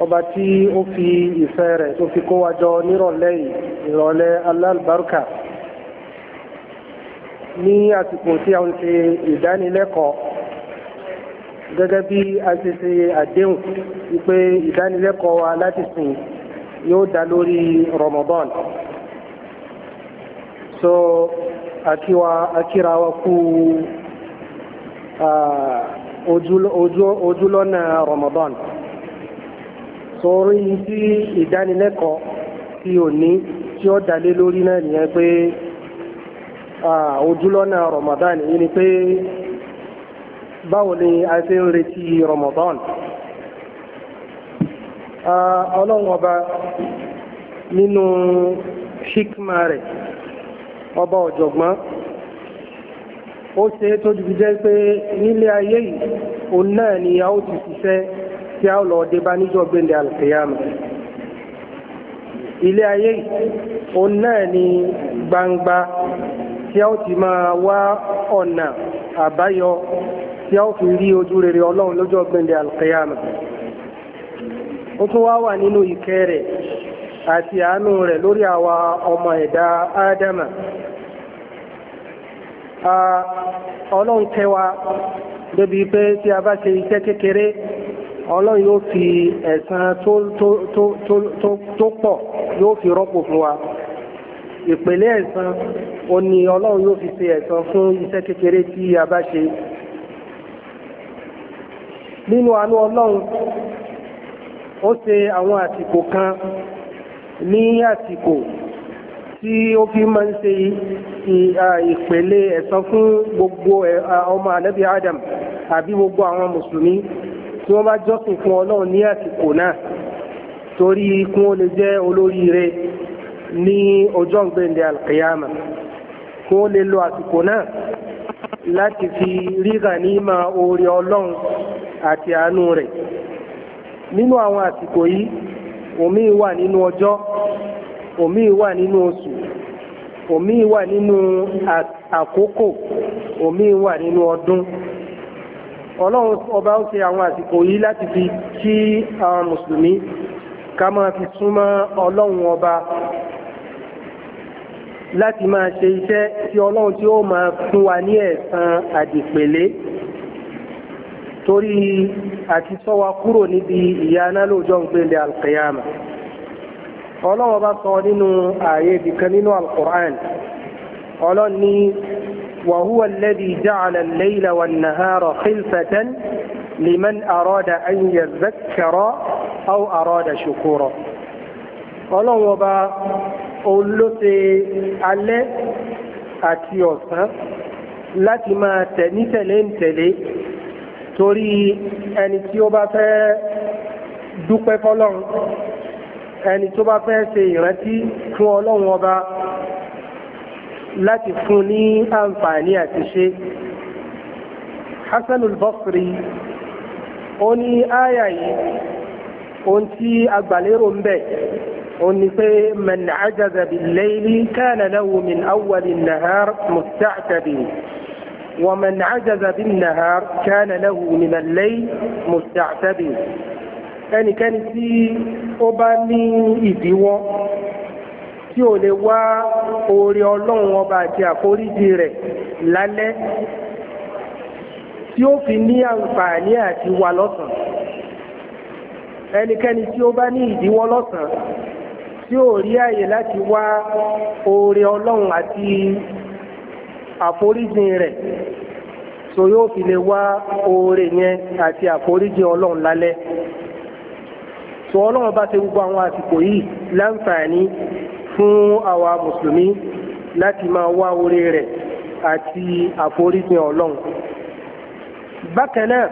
ọba tí ó fi ìfẹ́ rẹ̀ tó fi kó wa jọ nírọ̀lẹ́ yìí ìrọ̀lẹ́ alálùbáríkà ní àsìkò tí a ń ṣe ìdánilẹ́kọ̀ọ́ gẹ́gẹ́ bí a ṣe ṣe àdéhùn wípé ìdánilẹ́kọ̀ọ́ wa láti sìn yóò dá lórí Ramadan so akiwa akira wa kú ojúlọ́nà Ramadan sórí sí ìdánilẹ́kọ̀ọ́ tí ò ní tí ó dalé lórí náà nìyẹn pé ojúlọ́nà Ramadan yìí ni pé báwo ni a ṣe ń retí Ramadan ọlọ́run ọba nínú hikma rẹ̀ ọba ọ̀jọ̀gbọ́n ó ṣe tó jù jẹ́ pé nílé ayé yìí òun náà ni a ó ti ṣiṣẹ́ tí a lọ dé bá níjọ́ gbẹ̀ndẹ̀ alkiyama ilé ayé òun náà ni gbangba tí a ó ti máa wá ọ̀nà àbáyọ tí a fi rí ojú rere ọlọ́run lọ́jọ́ gbẹ̀ndẹ̀ alkiyama ó tún wá wà nínú ìkẹ́ rẹ̀ àti àánú rẹ̀ lórí àwa ọmọ ẹ̀dá ádámà ọlọ́run tẹ́wa débi pé tí a bá ṣe iṣẹ́ kékeré ọlọ́run yóò fi ẹ̀san tó pọ̀ yóò fi rọ́pò fún wa ìpele ẹ̀san ó ní ọlọ́run yóò fi ṣe ẹ̀san fún iṣẹ́ kékeré tí a bá ṣe nínú àánú ọlọ́run ó ṣe àwọn àsìkò kan ní àsìkò tí ó fi máa ń ṣe ìpele ẹ̀san fún gbogbo ọmọ ànábì Adam àbí gbogbo àwọn mùsùlùmí tí wọ́n bá jọ́sìn fún ọlọ́run ní àsìkò náà torí kún ó lè jẹ́ olóríire ní ọjọ́ ìgbẹ̀ndẹ̀ alkiyama kún ó lè lo àsìkò náà láti fi ríra ní ma oore ọlọ́run àti àánú rẹ̀ nínú àwọn àsìkò yìí omi wà nínú ọjọ́ omi wà nínú oṣù omi wà nínú àkókò omi wà nínú ọdún. ọlọ́run ọba ó ṣe àwọn àsìkò yìí láti fi kí àwọn mùsùlùmí ká máa fi súnmọ́ ọlọ́run ọba láti máa ṣe iṣẹ́ tí ọlọ́run tí ó máa fún wa ní ẹ̀san àdìpèlé torí àti sọ wa kúrò níbi ìyá aná lóòjọ́ ń gbélé ọlọ́run ọba sọ nínú ààyè ibìkan nínú alkùrán وهو الذي جعل الليل والنهار خلفة لمن أراد أن يذكر أو أراد شكورا ọlọ́run وبا òun ló أتيوسا. alẹ́ àti ọ̀sán láti máa tẹ̀ ní tẹ̀lé ń tẹ̀lé torí ẹni tí ó bá fẹ́ dúpẹ́ fọ́lọ́run ẹni tó bá fẹ́ ṣe ìrántí fún ọlọ́run ọba láti fún ní àǹfààní àti ṣe Hasan al-Basri ó ní àyà yìí ohun tí agbàlérò ń bẹ ó ní pé man ajaza bil-layli kana lahu min awwali an-nahar musta'tabi wa man ajaza nahar kana lahu min al-layl ẹnikẹ́ni tí ó bá ní ìdíwọ́ tí ò lè wá oore ọlọ́run ọba àti àforíjì rẹ̀ lálẹ́ tí ó fi ní àǹfààní àti wà lọ́sàn ẹnikẹ́ni tí ó bá ní ìdíwọ́ lọ́sàn tí ó rí àyè láti wá oore ọlọ́run àti àforíjì rẹ̀ so yóò fi lè wá oore yẹn àti àforíjì ọlọ́run lálẹ́ so ọlọ́run bá ṣe gbogbo àwọn àsìkò yìí láǹfààní fún àwa mùsùlùmí láti máa wá orí rẹ̀ àti àforíjìn ọlọ́run bákan náà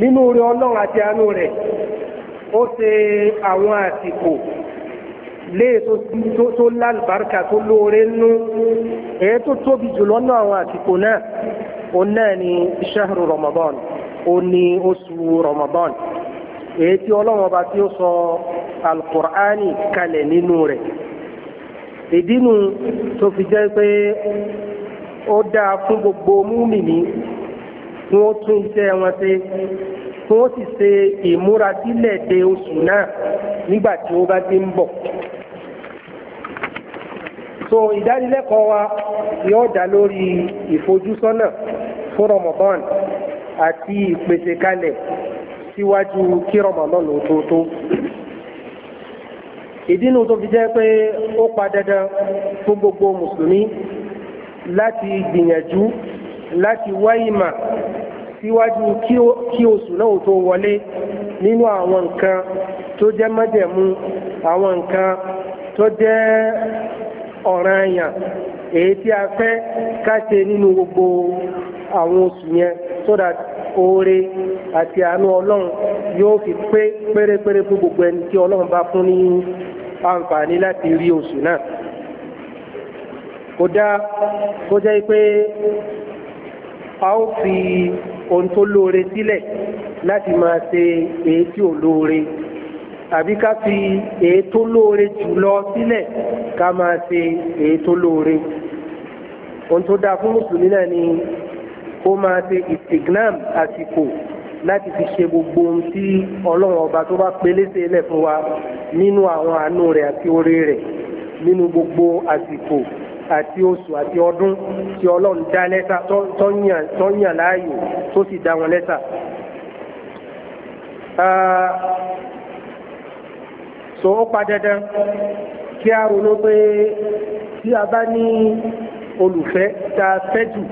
nínú orí ọlọ́run àti àánú rẹ̀ ó ṣe àwọn àsìkò lé tó lálùbáríkà tó lóore nú èyí tó tóbi jùlọ náà àwọn àsìkò náà ó náà ni ṣahru ramadan ó ní oṣù ramadan èyí tí ọlọ́wọ́n bá tí ó sọ alukur'ani kalẹ̀ nínú rẹ̀ ìdínú tó fi jẹ́ pé ó dáa fún gbogbo múmìnì kí wọ́n tún iṣẹ́ wọn ṣe kí wọ́n sì ṣe ìmúrasílẹ̀ de oṣù náà nígbà ó bá ti ń bọ̀ so ìdánilẹ́kọ̀ọ́ wa yóò dá lórí ìfojúsọ́nà fún Ramadan àti ìpèsè kalẹ̀ síwájú kí Ramadan lò tó tó ìdínú tó fi jẹ́ pé ó pa dandan fún gbogbo mùsùlùmí láti gbìyànjú láti wá ìmọ̀ síwájú kí oṣù náà tó wọlé nínú àwọn nǹkan tó jẹ́ májẹ̀mú àwọn nǹkan tó jẹ́ ọ̀ranyàn èyí tí a fẹ́ káṣe nínú gbogbo àwọn oṣù yẹn so that oore àti àánú ọlọ́run yóò fi pé pérépéré fún gbogbo ẹni tí ọlọ́run bá fún ní àǹfààní láti rí oṣù náà kò dáa kó jẹ́ pé a ó fi ohun tó lóore sílẹ̀ láti máa ṣe èyí tí ò lóore àbí ká fi èyí tó lóore jùlọ sílẹ̀ ká máa ṣe èyí tó lóore ohun tó dáa fún mùsùlùmí náà ni kó máa ṣe ìsìgnám àsìkò láti fi ṣe gbogbo ohun tí ọlọ́run ọba tó bá pelése lẹ̀ fún wa nínú àwọn àánú rẹ̀ àti oore rẹ̀ nínú gbogbo àsìkò àti oṣù àti ọdún tí ọlọ́run dá lẹ́sà tó yàn láàyò tó sì dá wọn lẹ́sà. so ó pa dandan kí a ronú pé tí a bá ní olùfẹ́ tá a fẹ́ jù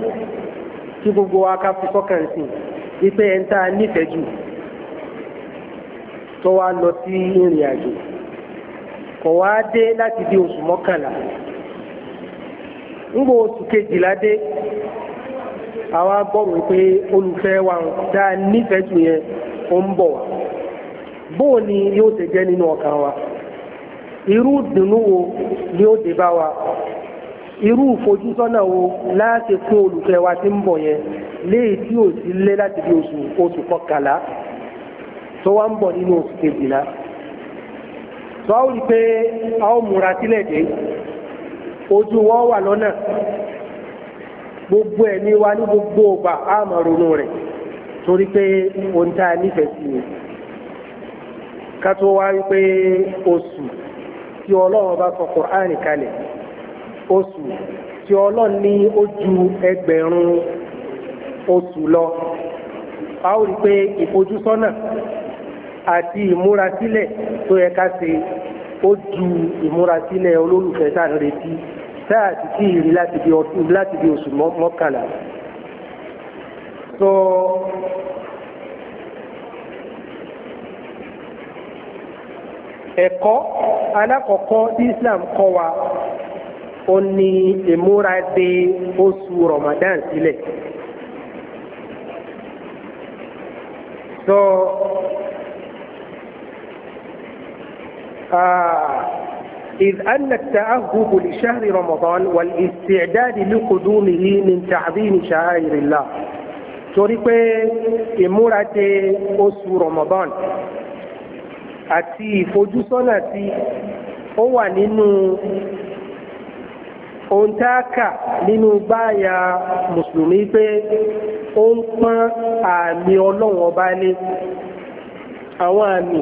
kí gbogbo wa ká fi sọ́kàn sí i. ipe ẹ̀ ń tó wá lọ sí ìrìn àjò kò wá dé láti bí oṣù mọ́kànlá ń gbọ́ oṣù kejìlá dé wa tá a yẹn ó ń bọ̀ wá bóò ni wa irú dùnnú wo ni ó dé wa irú ìfojúsọ́nà wo láti fún olùfẹ́ wa tí ń bọ̀ yẹn léè tí ò sí lé láti bí oṣù oṣù kọkànlá tó wá ń bọ̀ nínú oṣù kejìlá tó a ó rí pé a gbogbo ẹ̀mí wa ní gbogbo ọba á máa ronú rẹ̀ torí pé ohun tá a nífẹ̀ẹ́ sí ni ká tó wá rí pé oṣù tí oṣù tí ọlọ́run ní ó ju ẹgbẹ̀rún oṣù lọ a ó rí pé ìfojúsọ́nà àti ìmúrasílẹ̀ tó yẹ ká ṣe ó ju ìmúrasílẹ̀ olólùfẹ́ tá à ń retí tá à ti ìrí láti bí oṣù mọ́kànlá so ẹ̀kọ́ alákọ̀ọ́kọ́ tí Islam kọ́ wa ó ní ìmúra de oṣù Ramadan sílẹ̀. so ah, إذ أن التأهب لشهر رمضان والاستعداد لقدومه من تعظيم شعائر الله torí pé ìmúrate oṣù Ramadan àti ìfojúsọ́nà sí ó wà nínú ohun tá a kà nínú báyà mùsùlùmí pé ó ń pọ́n àmì ọlọ́run ọba lé àwọn àmì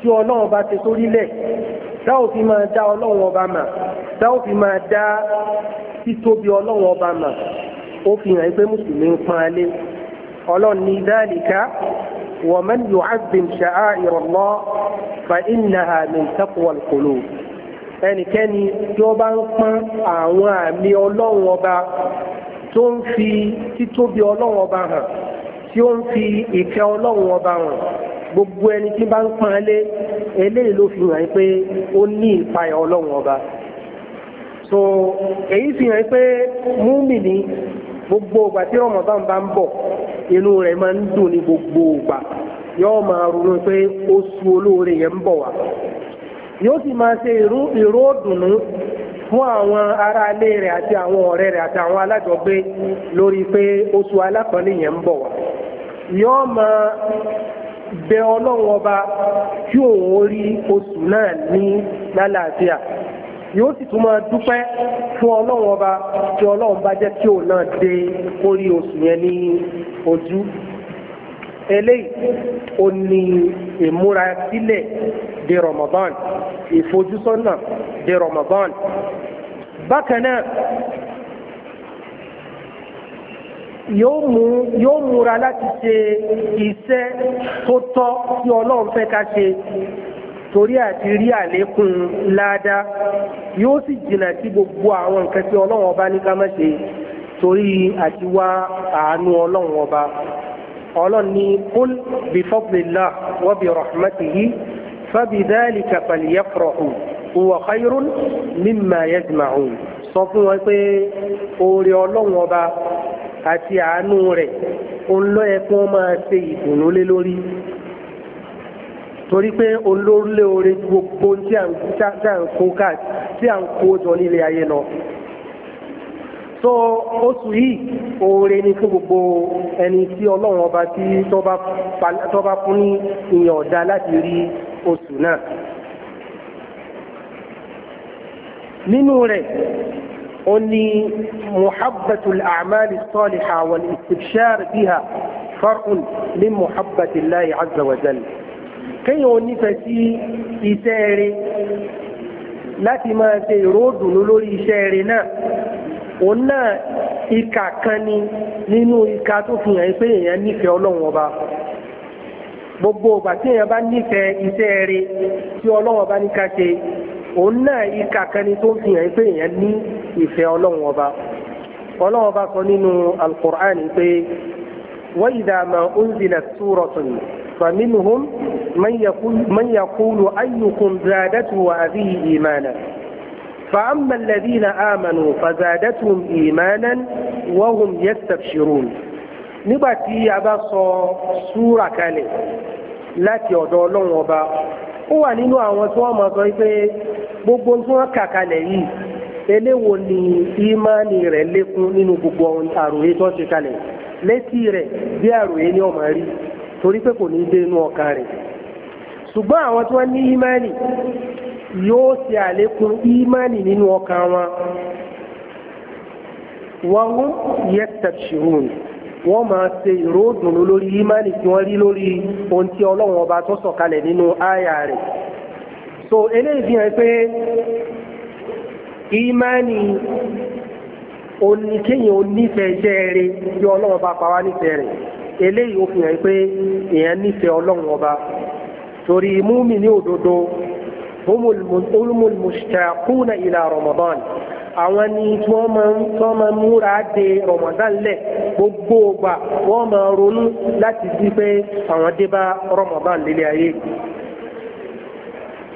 tí ọlọ́run ọba ti sórílẹ̀ táwọn fi máa dá ọlọ́run ọba mà táwọn fi máa dá títóbi ọlọ́run ọba mà ó fi hàn pé mùsùlùmí ń pọ́n alé ọlọ́run ní dáàlìká wọ́n mẹ́lì yóò á gbèmṣà àìrọ̀lọ́ fa innaha min taqwa al-qulub ẹnikẹ́ni tí ó bá ń pọ́n àwọn àmì ọlọ́run ọba tó ń fi títóbi ọlọ́run ọba hàn tí ó ń fi ìkẹ́ ọlọ́run ọba hàn gbogbo ẹni tí bá ń pọ́n lé eléyìí ló fi hàn pé ó ní ìpayà ọlọ́run ọba so èyí fi hàn pé múmìnì gbogbo ìgbà tí Ramadan bá ń bọ̀ inú rẹ̀ máa ń dùn ní gbogbo ìgbà yóò máa ronú pé oṣù olóore yẹn ń bọ̀ wá yóò sì máa ṣe ìró òdùnnú fún àwọn ará ilé rẹ̀ àti àwọn ọ̀rẹ́ rẹ̀ àti àwọn alájọgbé lórí pé oṣù alákọ̀ọ́lé yẹn ń bọ̀ wá yóò máa bẹ ọlọ́run ọba tí òun ó rí oṣù náà ní lálàáfíà yóò sì tún máa dúpẹ́ fún ọlọ́run ọba tí ọlọ́run bá jẹ́ kí òun náà dé orí oṣù yẹn ní ojú eléyìí ó ní ìmúrasílẹ̀ de Ramadan ìfojúsọ́nà de Ramadan bákan náà yóò mú yóò múra láti ṣe iṣẹ́ tó tọ́ tí ọlọ́run fẹ́ ká ṣe torí àti rí àlékún ládá yóò sì jìnnà sí gbogbo àwọn nǹkan tí ọlọ́run ọba ní ká má ṣe torí àti wá àánú ọlọ́run ọba ọlọ́run ní kúl bí fadlillah wa bí rahmatihi fabi dhalika falyafrahu huwa khayrun mimma yajma'un sọ fún wọn pé oore ọlọ́run ọba àti àánú rẹ̀ olóyè kí wọ́n máa ṣe ìdùnnú lé lórí torí pé olórílẹ̀ gbogbo tí à ń kó káàkiri tí à ń kó jọ nílé ayé lọ. so oṣù yìí oore ní fún gbogbo ẹni tí ọlọ́run ọba tí tó bá fún ní ìyàn ọ̀dá láti rí oṣù náà nínú rẹ̀ ó ní muhabbatul a'mali salihah wal istibshar biha far'un min muhabbatillahi azza wa jalla kéèyàn onífẹ̀ẹ́ sí iṣẹ́ rẹ̀ láti máa ṣe ìròdùn lórí iṣẹ́ rẹ̀ náà òun náà ìka kan ni nínú ìka tó fi hàn pé èèyàn nífẹ̀ẹ́ ọlọ́run ọba gbogbo ìgbà tí èèyàn bá nífẹ̀ẹ́ iṣẹ́ rẹ tí ọlọ́run ọba ní ká ṣe òun náà ìka kan ni tó fi hàn pé èèyàn ní ìfẹ́ ọlọ́run ọba ọlọ́run ọba sọ nínú alukur'an pé wa idha ma unzilat suratun faminhum man yaqulu ayyukum zadatu wa abihi imana. فأما الذين آمنوا فزادتهم إيمانا وهم يستبشرون نباتي أبا سورة كالي láti ọ̀dọ̀ ọlọ́run ọba ó wà nínú àwọn tí wọ́n máa sọ pé gbogbo tí wọ́n kà kalẹ̀ yìí eléwo ni ìmánì rẹ̀ lékún nínú gbogbo àròyé tó ṣe kalẹ̀ létí rẹ̀ bí àròyé ni ọmọ rí torí pé kò ní dé inú ọkàn rẹ̀ ṣùgbọ́n àwọn tí wọ́n ní ìmánì yóò ṣe àlékún ìmánì nínú ọkàn wọn wọ́n ń yẹ tẹ̀síwòn wọ́n máa ṣe ìró ìdùnnú lórí ìmánì tí wọ́n rí lórí ohun tí ọlọ́run ọba tó sọ̀kalẹ̀ nínú àyà rẹ̀ so eléyìí fi hàn pé ìmánì oníkéyìn onífẹ̀ẹ́ jẹ́ rẹ̀ bí ọlọ́run ọba pa wá nífẹ̀ẹ́ rẹ̀ eléyìí ó fi hàn pé èèyàn nífẹ̀ẹ́ ọlọ́run ọba torí múmi ní òdodo هم mushtaquna ila ramadan àwọn ni wọ́n máa ń tọ́ máa ń múra de ramadan lẹ̀ gbogbo ọgbà wọ́n máa ronú láti di pé àwọn dé bá ramadan lílé ayé.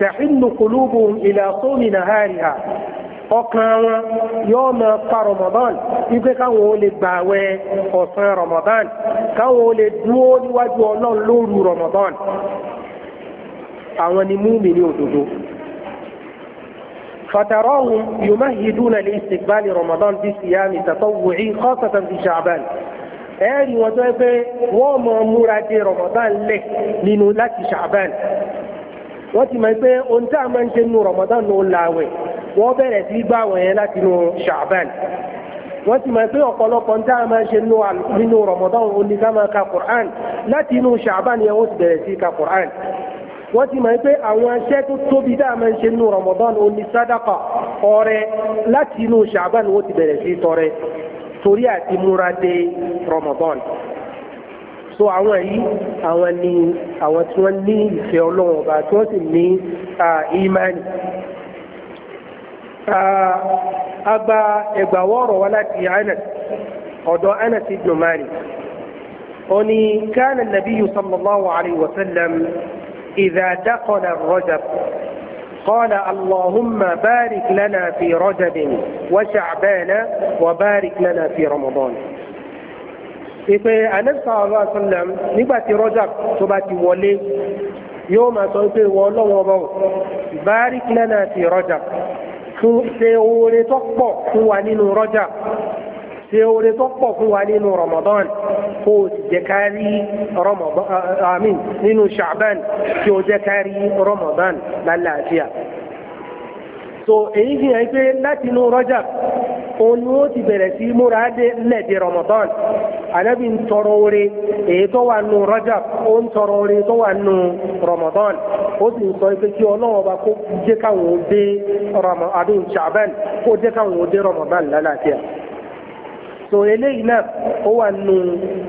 تحن قلوبهم إلى صوم نهارها ọkàn wọn yóò máa pa rọmọdán wípé káwọn ò lè gbààwẹ̀ ọ̀sán rọmọdán káwọn ò lè dúró níwájú ọlọ́run lóru rọmọdán àwọn ni múmi ní òdodo فتراهم يمهدون لاستقبال رمضان بصيام تطوعي خاصة في شعبان ẹ̀rí wọn tó ẹ pé wọ́n mọ múra de Ramadan lẹ̀ nínú láti Ṣàbán wọ́n ti mọ̀ pé ohun tá a máa ń ṣe nínú Ramadan ló láwẹ̀ wọ́n bẹ̀rẹ̀ sí gbà wọ̀n yẹn láti nínú Ṣàbán wọ́n ti mọ̀ pé ọ̀pọ̀lọpọ̀ ohun tá a máa ṣe nínú Ramadan ó ní ká máa ka Qur'an láti inú Ṣàbán yẹn wọ́n ti bẹ̀rẹ̀ sí ka Qur'an wọ́n ti mọ̀ pé àwọn iṣẹ́ tó tóbi dáa máa ń ṣe nínú Ramadan oní sádàkà ọrẹ láti inú Ṣàbán wọ́n ti bẹ̀rẹ̀ sí tọrẹ torí àti múra dé Ramadan so àwọn yìí àwọn ni àwọn tí wọ́n ní ìfẹ́ Ọlọ́run ọba tí wọ́n sì ní ìmánì agba ẹgbàwọ́rọ̀ wa láti Anas ọ̀dọ̀ Anas ibn Malik ó ní kánà sallallahu alayhi wa sallam إذا دخل الرجب قال اللهم بارك لنا في رجب وشعبان وبارك لنا في رمضان ìpè anẹ́sà ọlọ́wà sọ́lẹ̀m nígbàtí rọ́jà tó bá ti wọlé yóò máa sọ pé ìwọ ọlọ́wọ́ bọ̀ báríkì lẹ́nà ti rọ́jà fún ṣe oore tó pọ̀ fún wa nínú rọ́jà ṣe oore tó pọ̀ fún wa nínú Ramadan kó o sì jẹ́ ká rí Ramadan àmín uh, nínú Sha'ban kí o jẹ́ Ramadan lálàáfíà so èyí fi hàn pé láti inú Rajab òun ni ó ti bẹ̀rẹ̀ sí múra lẹ́ẹ̀dẹ̀ Ramadan anábì ń tọrọ oore èyí tó wà nù Rajab ó ń tọrọ oore tó wà nù Ramadan ó sì ń sọ pé kí ọlọ́wọ́ bá kó jẹ́ káwọn ó dé Ramadan Sha'ban kó jẹ́ káwọn ó dé Ramadan lálàáfíà so eléyìí náà ó wà nù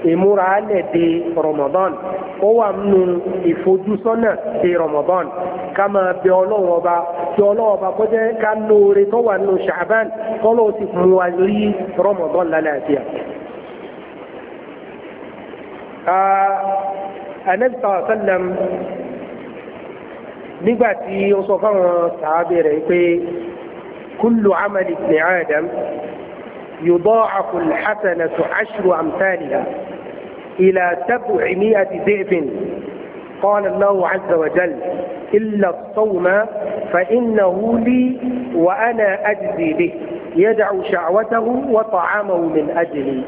ìmúra alẹ̀ de Ramadan ó wà nù ìfojúsọ́nà de Ramadan ká máa bẹ ọlọ́run ọba tí ọlọ́run ọba kó jẹ́ ká lóore tó wà nù Sha'ban kọ́lọ́ ti mú wa rí Ramadan lálàáfíà. Ànábì sallallahu alaihi nígbà tí ó sọ fáwọn sàábẹ̀ rẹ̀ pé kullu amali ibn Adam. يضاعف الحسنة عشر أمثالها إلى سبعمائة ضعف قال الله عز وجل إلا الصوم فإنه لي وأنا أجزي به يدع شعوته وطعامه من أجلي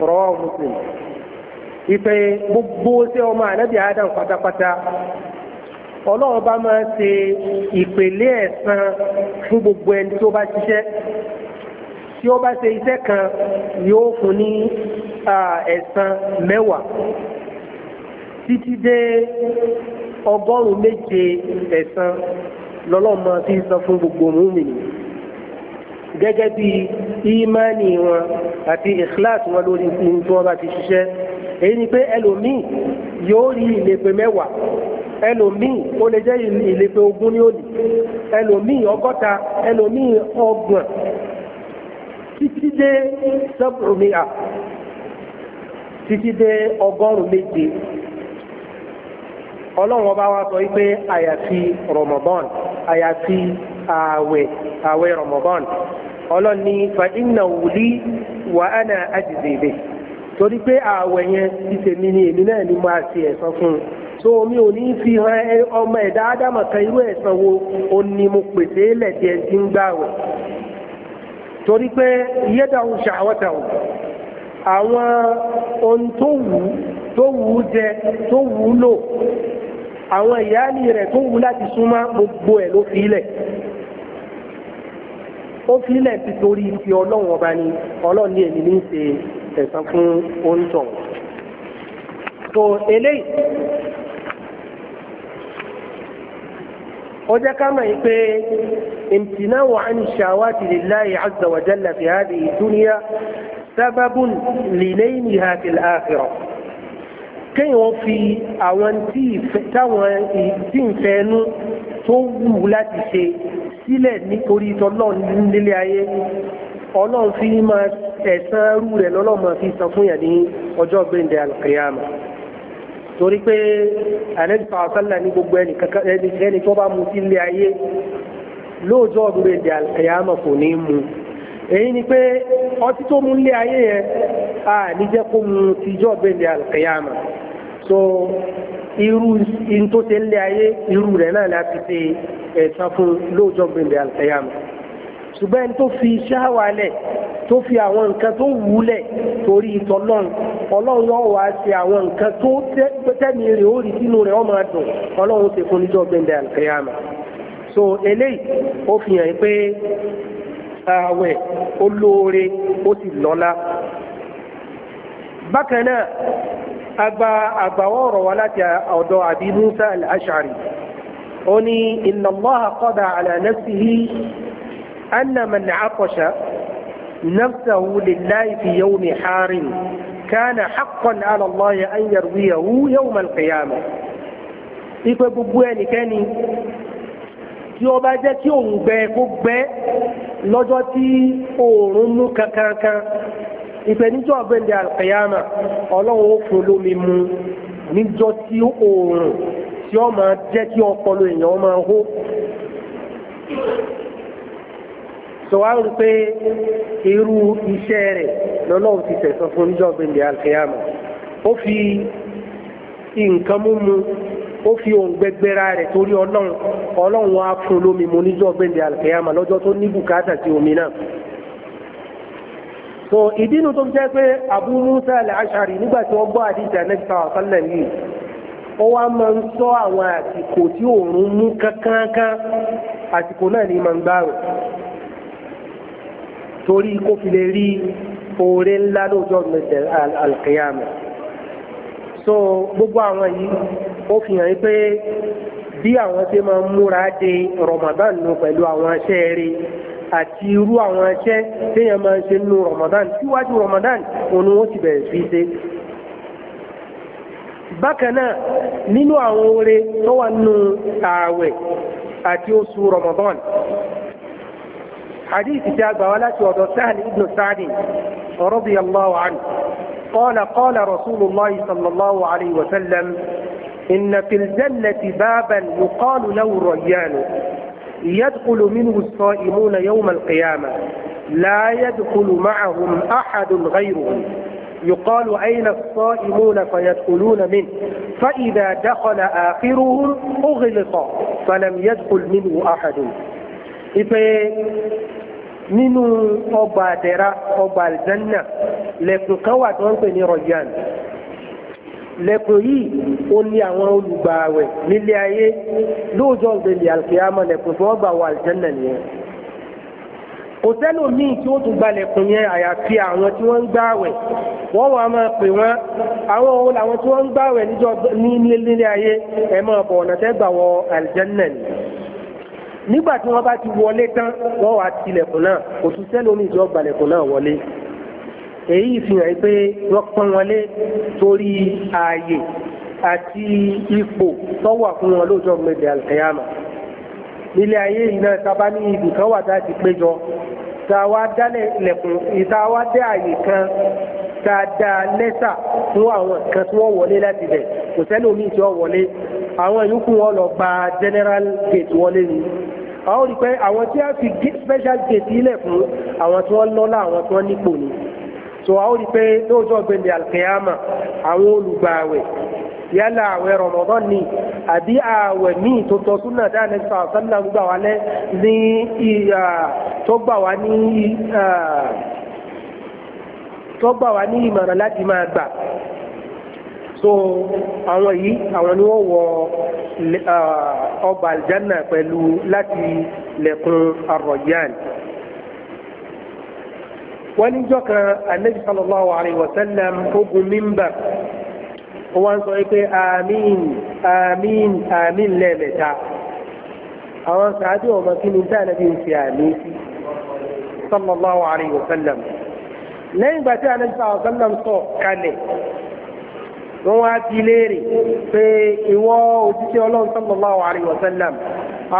رواه مسلم إذا gbogbo وما نبي هذا adam pátápátá ọlọ́run bá máa ṣe ìpele ẹ̀san fún gbogbo ẹni tó bá ṣiṣẹ́ tí ó bá ṣe iṣẹ́ kan yóò fún ní ẹ̀san mẹ́wàá títí dé ọgọ́rùn-ún méje ẹ̀san lọ́lọ́mọ tí ń san fún gbogbo mùmínì gẹ́gẹ́ bí ìmánì wọn àti ìkíláàsì wọn lórí ohun tí wọ́n bá ti ṣiṣẹ́ èyí ni pé ẹlòmíì yóò rí ìlépe mẹ́wàá ẹlòmíì ó lè jẹ́ ìlépe ogún ní òní ẹlòmíì ọgọ́ta ẹlòmíì ọgbọ̀n títí dé sẹ́bùrùmíà ah, títí dé ọgọ́rùn-ún méje ọlọ́run ọba wa sọ wípé àyàfi rọmọbọ́n àyàfi ààwẹ̀ ààwẹ̀ rọmọbọ́n ọlọ́run ní fa iná wùlí wà á na àjèjèbè torí pé ààwẹ̀ yẹn ti tèmi ni èmi náà ni mo á ti ẹ̀san fún un tó omi ò ní fi hàn ọmọ ẹ̀dá ádámọ̀ kan irú ẹ̀san wo ó ní mo pèsè lẹ̀dí ẹ̀ ti ń gbààwẹ̀ torí pé yẹ́dàwó ṣàwọ́tàwó àwọn ohun tó wù tó wù jẹ tó wù lò àwọn ìyáàlì rẹ̀ tó wù láti súnmọ́ gbogbo ẹ̀ ló fi ilẹ̀ ó fi ilẹ̀ ti torí ti ọlọ́run ọba ni ọlọ́run ní èmi ní í ṣe ẹ̀san fún oúnjẹ so eléyìí وجا كما يقول امتناع عن الشهوات لله عز وجل في هذه الدنيا سبب لنيمها في الآخرة كي وفي أوانتي تي فانو تو láti ṣe sílẹ̀ nítorí tọ́lọ́run nílé ayé ọlọ́run fi máa ẹ̀san rú rẹ̀ lọ́lọ́run máa fi san fún yà ní ọjọ́ gbẹ̀ndẹ̀ alkiyama torí pé ànẹ́bíkà ọ̀sánlá ní gbogbo ẹni tó bá mu sí ilé ayé lóòjọ́ ọdún èdè àyàmọ̀ kò ní mu èyí ni pé ọtí tó mu ilé ayé yẹn a ní jẹ́ kó mu tìjọ́ ọdún èdè àyàmọ̀ so irú in tó ṣe ilé ayé irú rẹ̀ náà láti ṣe ẹ̀san fún lóòjọ́ ọdún èdè àyàmọ̀ ṣùgbọ́n ẹni tó fi ṣáwà lẹ̀ tó fi àwọn nǹkan tó wù lẹ̀ torí ìtọ́lọ́run ọlọ́run wọn wá ṣe àwọn nǹkan tó tẹ́mi rẹ̀ ó rí sínú rẹ̀ ọmọ àdùn ọlọ́run ṣe fún níjọ́ gbẹ̀ndẹ̀ àlùkẹ́yàmà so eléyìí ó fi hàn pé ààwẹ̀ ó lóore ó sì lọ́lá bákan náà agba àgbàwọ̀ ọ̀rọ̀ wa láti ọ̀dọ̀ àbí Musa al-Ash'ari ó ní inna Allah qada ala nafsihi أن من عطش نفسه لله في يوم حار كان حقا على الله أن يرويه يوم القيامة ipe gbogbo ẹnikẹ́ni tí ó bá jẹ́ kí òun gbẹ kó gbẹ lọ́jọ́ tí oòrùn mú kankankan ipe níjọ́ ọ̀gbẹ́ndẹ̀ alkiyama ọlọ́run ó fún lómi mu níjọ́ tí oòrùn tí ó máa jẹ́ kí ọpọlọ èèyàn máa hó sọ wá rí pé irú iṣẹ́ rẹ̀ lọ́lọ́run ti tẹ̀sán fún níjọ́ gbẹ̀ndẹ̀ alkiyama ó fi nǹkan múmu ó fi ohun gbẹgbẹ́ra rẹ̀ torí ọlọ́run ọlọ́run wa fún lómi mu níjọ́ gbẹ̀ndẹ̀ alkiyama lọ́jọ́ tó ní bùkátà sí omi náà so ìdínú tó jẹ́ pé Abu Musa al-Ash'ari nígbà tí wọ́n gbọ́ àdìjà nẹ́gbà ọ̀sánlẹ̀ yìí ó wá máa ń sọ àwọn àsìkò tí òòrùn mú kánkánká àsìkò náà ní máa ń gbárùn torí kó fi lè rí oore ńlá lóòjọ́ mẹ́tẹ̀ alkiyama so gbogbo àwọn yìí ó fi hàn pé bí àwọn ṣe máa ń múra de Ramadan nù pẹ̀lú àwọn aṣẹ́ rí àti irú àwọn aṣẹ́ téèyàn máa ń ṣe nù Ramadan síwájú Ramadan òun ni ti bẹ̀rẹ̀ sí ṣe bákanáà nínú àwọn oore tó wà nù ààwẹ̀ àti oṣù Ramadan حديث شاب ولات سهل بن سعد رضي الله عنه قال قال رسول الله صلى الله عليه وسلم إن في الجنة بابا يقال له الريان يدخل منه الصائمون يوم القيامة لا يدخل معهم أحد غيرهم يقال أين الصائمون فيدخلون منه فإذا دخل آخرهم أغلق فلم يدخل منه أحد ipe ninu ọgbà àdẹ́ra ọgbà àlìjánà lẹ́kùn kan wà tó ń pè ní rọ̀yàn lẹ́kùn yìí ó ní àwọn olùgbààwẹ̀ nílé ayé lóòjọ́ ìgbèlè àlùkìyàmọ̀ lẹ́kùn tó ọgbà wà àlìjánà nìyẹn kò sẹ́lò míì tí ó tún gbalẹ̀kùn yẹn àyàfi àwọn tí wọ́n ń gbààwẹ̀ wọ́n wà máa pè wọ́n àwọn òun làwọn tí wọ́n ń gbààwẹ̀ nílé ayé ẹ̀ máa bọ̀ ọ̀nà tẹ́gbà wọ àlìjánà nìyẹn nígbà tí wọ́n bá ti wọlé tán wọ́n wá tilẹ̀kùn náà kò tún sẹ́lómi tí wọ́n gbalẹ̀kùn náà wọlé èyí fi hàn pé wọ́n pọ́n wọlé torí ààyè àti ipò tó wà fún wọn lóòjọ́ gbèdè alkayama nílé ayé yìí náà sábà ní ibì kan wà láti péjọ tá a wá dálẹ̀ lẹ̀kùn ìta wá dé àyè kan tá a lẹ́sà fún àwọn kan tí wọ́n wọlé láti bẹ̀ kò sẹ́lómi tí wọ́n wọlé àwọn ìyókù wọn lọ gba general gate wọlé ni àwọn rí pé àwọn tí a fi special gate ilẹ̀ fún àwọn tí wọ́n lọ́lá àwọn tí wọ́n nípò ni so àwọn rí pé lóòjọ́ gbẹ̀ndẹ̀ alkeyama àwọn olùgbààwẹ̀ yálà àwẹ̀ rọ̀mọ̀dán ni àbí àwẹ̀ míì tó tọ́ súnà dáadé sọ àṣálà gbà wá lẹ́ ní ìyà tó gbà wá ní tó gbà wá ní ìmọ̀ràn láti máa gbà so àwọn yìí àwọn ni wọ́n wọ ọgbà aljanna pẹ̀lú láti lẹ́kùn arroyan wọ́n níjọ́ kan anabi sallallahu alayhi wa sallam ogun mimbar wọ́n sọ pé àmín àmín àmín lẹ́ẹ̀mẹ́ta àwọn sàádé ọmọ kí ni tá ànábi ń fi àmín sí sallallahu alayhi wa sallam lẹ́yìn ìgbà anabi sallallahu alayhi wa sallam sọ kalẹ̀ wọ́n wá ti léèrè pé ìwọ òjíṣẹ́ ọlọ́run sallallahu alaihi wasallam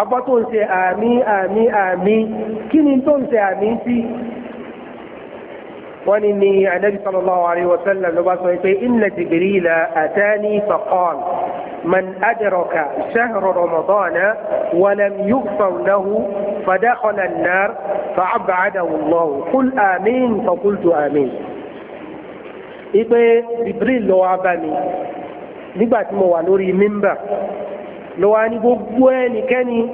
àbọ̀ tó ń ṣe àmì àmì àmì kí ni tó ń ṣe àmì sí wọ́n ní ní ànábì sallallahu alaihi wasallam ló bá sọ pé inna Jibrila atani ipe Jibril lọ wá bá mi nígbà tí mo wà lórí mímbà lọ wá ní gbogbo ẹnikẹ́ni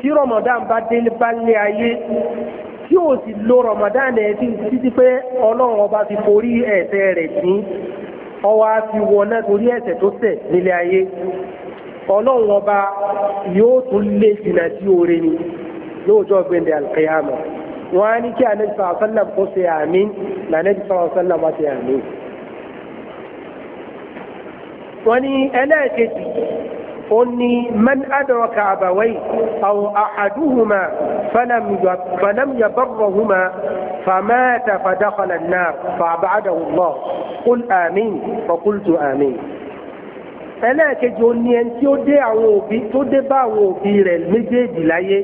tí Ramadan bá délé bá lé ayé tí ó sì lo Ramadan ẹ̀ títí pé ọlọ́run ọba fi forí ẹ̀ṣẹ̀ rẹ̀ sí ọwọ́ á fi torí ẹ̀ṣẹ̀ tó ṣẹ̀ nílé ayé ọlọ́run ọba yóò tún lé jìnnà sí oore ni lóòjọ́ gbẹ̀ndẹ̀ alqiyama wọn á ní kí anabi sọ̀rọ̀ sọ́lá kó ṣe àmín lànà ibi sọ̀rọ̀ sọ́lá bá wọ́n ní ẹlẹ́ẹ̀kejì ó ní man adraka àbàwẹ́ aw ahaduhuma falam yabarrahuma famata fadakhala an-nar fa'abadahu Allah qul amin fa qultu amin ẹlẹ́ẹ̀kejì ó ní ẹni tí ó dé àwọn òbí tó dé bá àwọn òbí rẹ̀ méjèèjì láyé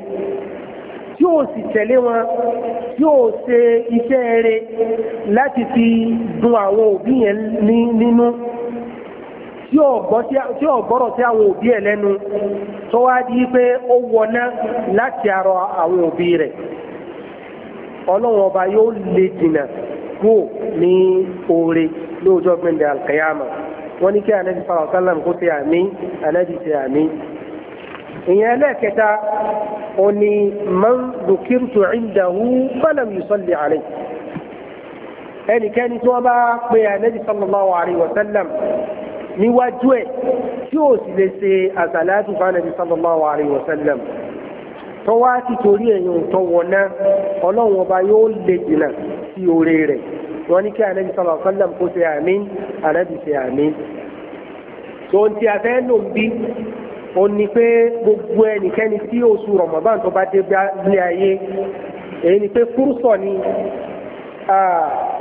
tí ó sì tẹ̀lé wọn tí ó ṣe iṣẹ́ eré láti fi dùn àwọn òbí yẹn nínú tí ó gbọ́rọ̀ sí àwọn òbí ẹ̀ lẹ́nu tó wá di pé ó wọná láti arọ àwọn òbí rẹ̀ ọlọ́run ọba yóò lè dìnà kúò ní oore lóòjọ́ gbẹ̀ndẹ̀ alkayama wọ́n ní kí anabi sọ̀rọ̀ sálàm kó ṣe àmì anabi ṣe àmì ìyẹn ẹlẹ́ẹ̀kẹta ó ní man dùkírùtù ìdáhù fọlẹ̀ mi ẹnikẹ́ni tí wọ́n bá pe anabi sallallahu alaihi wa níwájú ẹ̀ tí ó sì lè ṣe àsàlátù fánàbí sallallahu alayhi wa sallam tó wá ti torí ẹ̀yìn tó wọ̀ná ọlọ́run ọba yóò lè jìnà sí oore rẹ̀ wọ́n ní kí ànábi sallallahu alayhi wa sallam kó ṣe àmín ànábi ṣe àmín tó ń ti afẹ́ lò bí ó ní pé gbogbo ẹnikẹ́ni tí oṣù Ramadan tó bá dé lé ayé èyí ni pé fúrúsọ̀ ni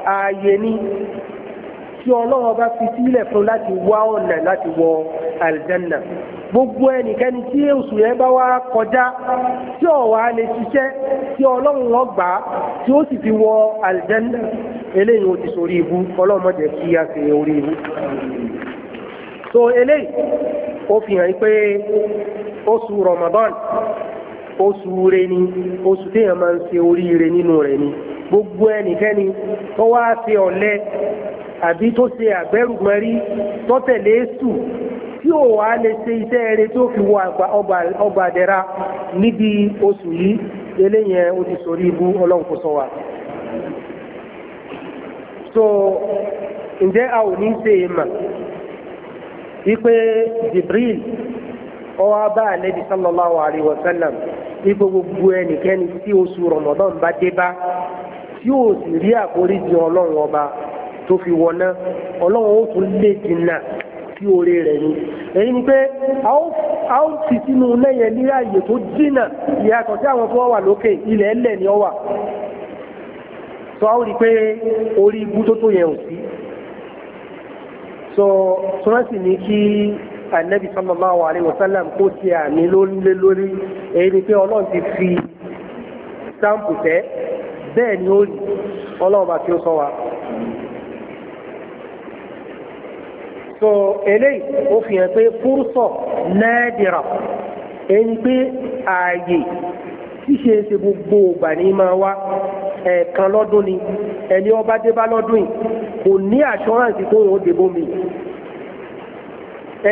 ààyè ni tí ọlọ́run bá fi sílẹ̀ fún láti wá ọ̀nà láti wọ àlìjánà gbogbo ẹnikẹ́ni tí oṣù yẹn bá wá kọjá tí ọ̀wá lè ṣiṣẹ́ tí ọlọ́run wọn gbà á tí ó sì fi wọ àlìjánà eléyìí ó ti sórí ibu ọlọ́run má kí a ṣe orí ibu. so eléyìí ó fi hàn pé oṣù Ramadan oṣù rẹ ni oṣù téèyàn máa ń ṣe oríire nínú rẹ ni gbogbo ẹnikẹ́ni tó wá ṣe ọ̀lẹ àbí tó ṣe àgbẹ́rùgbẹ́rí tó tẹ̀lé èṣù tí wa wà lè ṣe iṣẹ́ eré tó fi wọ ọgbà àdẹ́ra níbi oṣù yìí eléyẹn ó ti sọrí ibú ọlọ́run kò sọ wà. so ǹjẹ́ a ò ní ṣe é mà wípé Jibril ọwọ́ bá àlẹ́bí sallallahu alayhi wa sallam wípé gbogbo ẹnikẹ́ni tí oṣù Ramadan bá dé bá tí ó sì rí ọlọ́run ọba. tó fi wọná ọlọ́run ó tún lè jìnnà sí oore rẹ̀ ni èyí ni pé a ó fi sínú lẹ́yìn ní ààyè tó jìnnà ìyàtọ̀ sí àwọn tó wà lókè ilẹ̀ ẹlẹ̀ ni ó wà so a ó rí pé orí ibú tó tó yẹn ò sí so sọ́nàsì ní kí anabi sallallahu alayhi wa sallam kó ti àmì lórílé lórí èyí pé ọlọ́run ti fi sáǹpù tẹ́ bẹ́ẹ̀ ni ó rí ọlọ́run bá tí ó sọ wa. so eléyìí ó fi hàn pé fúrúsọ̀ nádìrà ẹni pé ààyè ṣíṣe ṣe gbogbo ìgbà ní máa wá ẹ̀ẹ̀kan lọ́dún ni ẹni ọba dé bá lọ́dún yìí kò ní assurance tó yóò dé bómi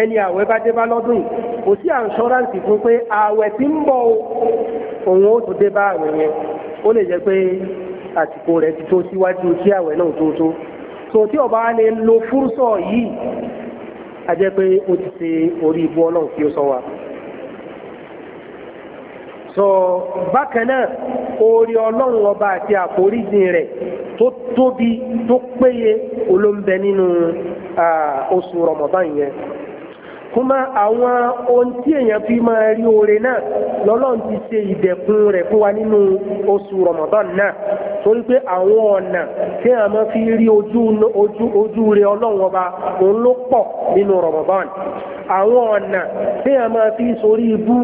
ẹni àwẹ̀ bá dé bá lọ́dún yìí kò sí assurance fún pé àwẹ̀ tí ń bọ̀ òun ó tó dé bá yẹn ó lè jẹ́ pé àsìkò rẹ̀ ti tó síwájú kí àwẹ̀ náà tó tó so tí ọba lè lo fúrúsọ̀ yìí a jẹ́ pé ó ti ṣe orí ibú ọlọ́run kí ó sọ wa. sọ bákan náà orí ọlọ́run ọba àti àforíjìn rẹ̀ tó tóbi tó péye olóńbẹ nínú ah, oṣù rọmọdán yẹn. kuma àwọn ohun tí èèyàn fi máa rí oore náà lọ́lọ́run ti ṣe rẹ̀ fún wa nínú oṣù Ramadan náà torí pé àwọn ọ̀nà fi rí ojú rẹ̀ ọlọ́run ọba òun ló pọ̀ nínú Ramadan fi sórí ibú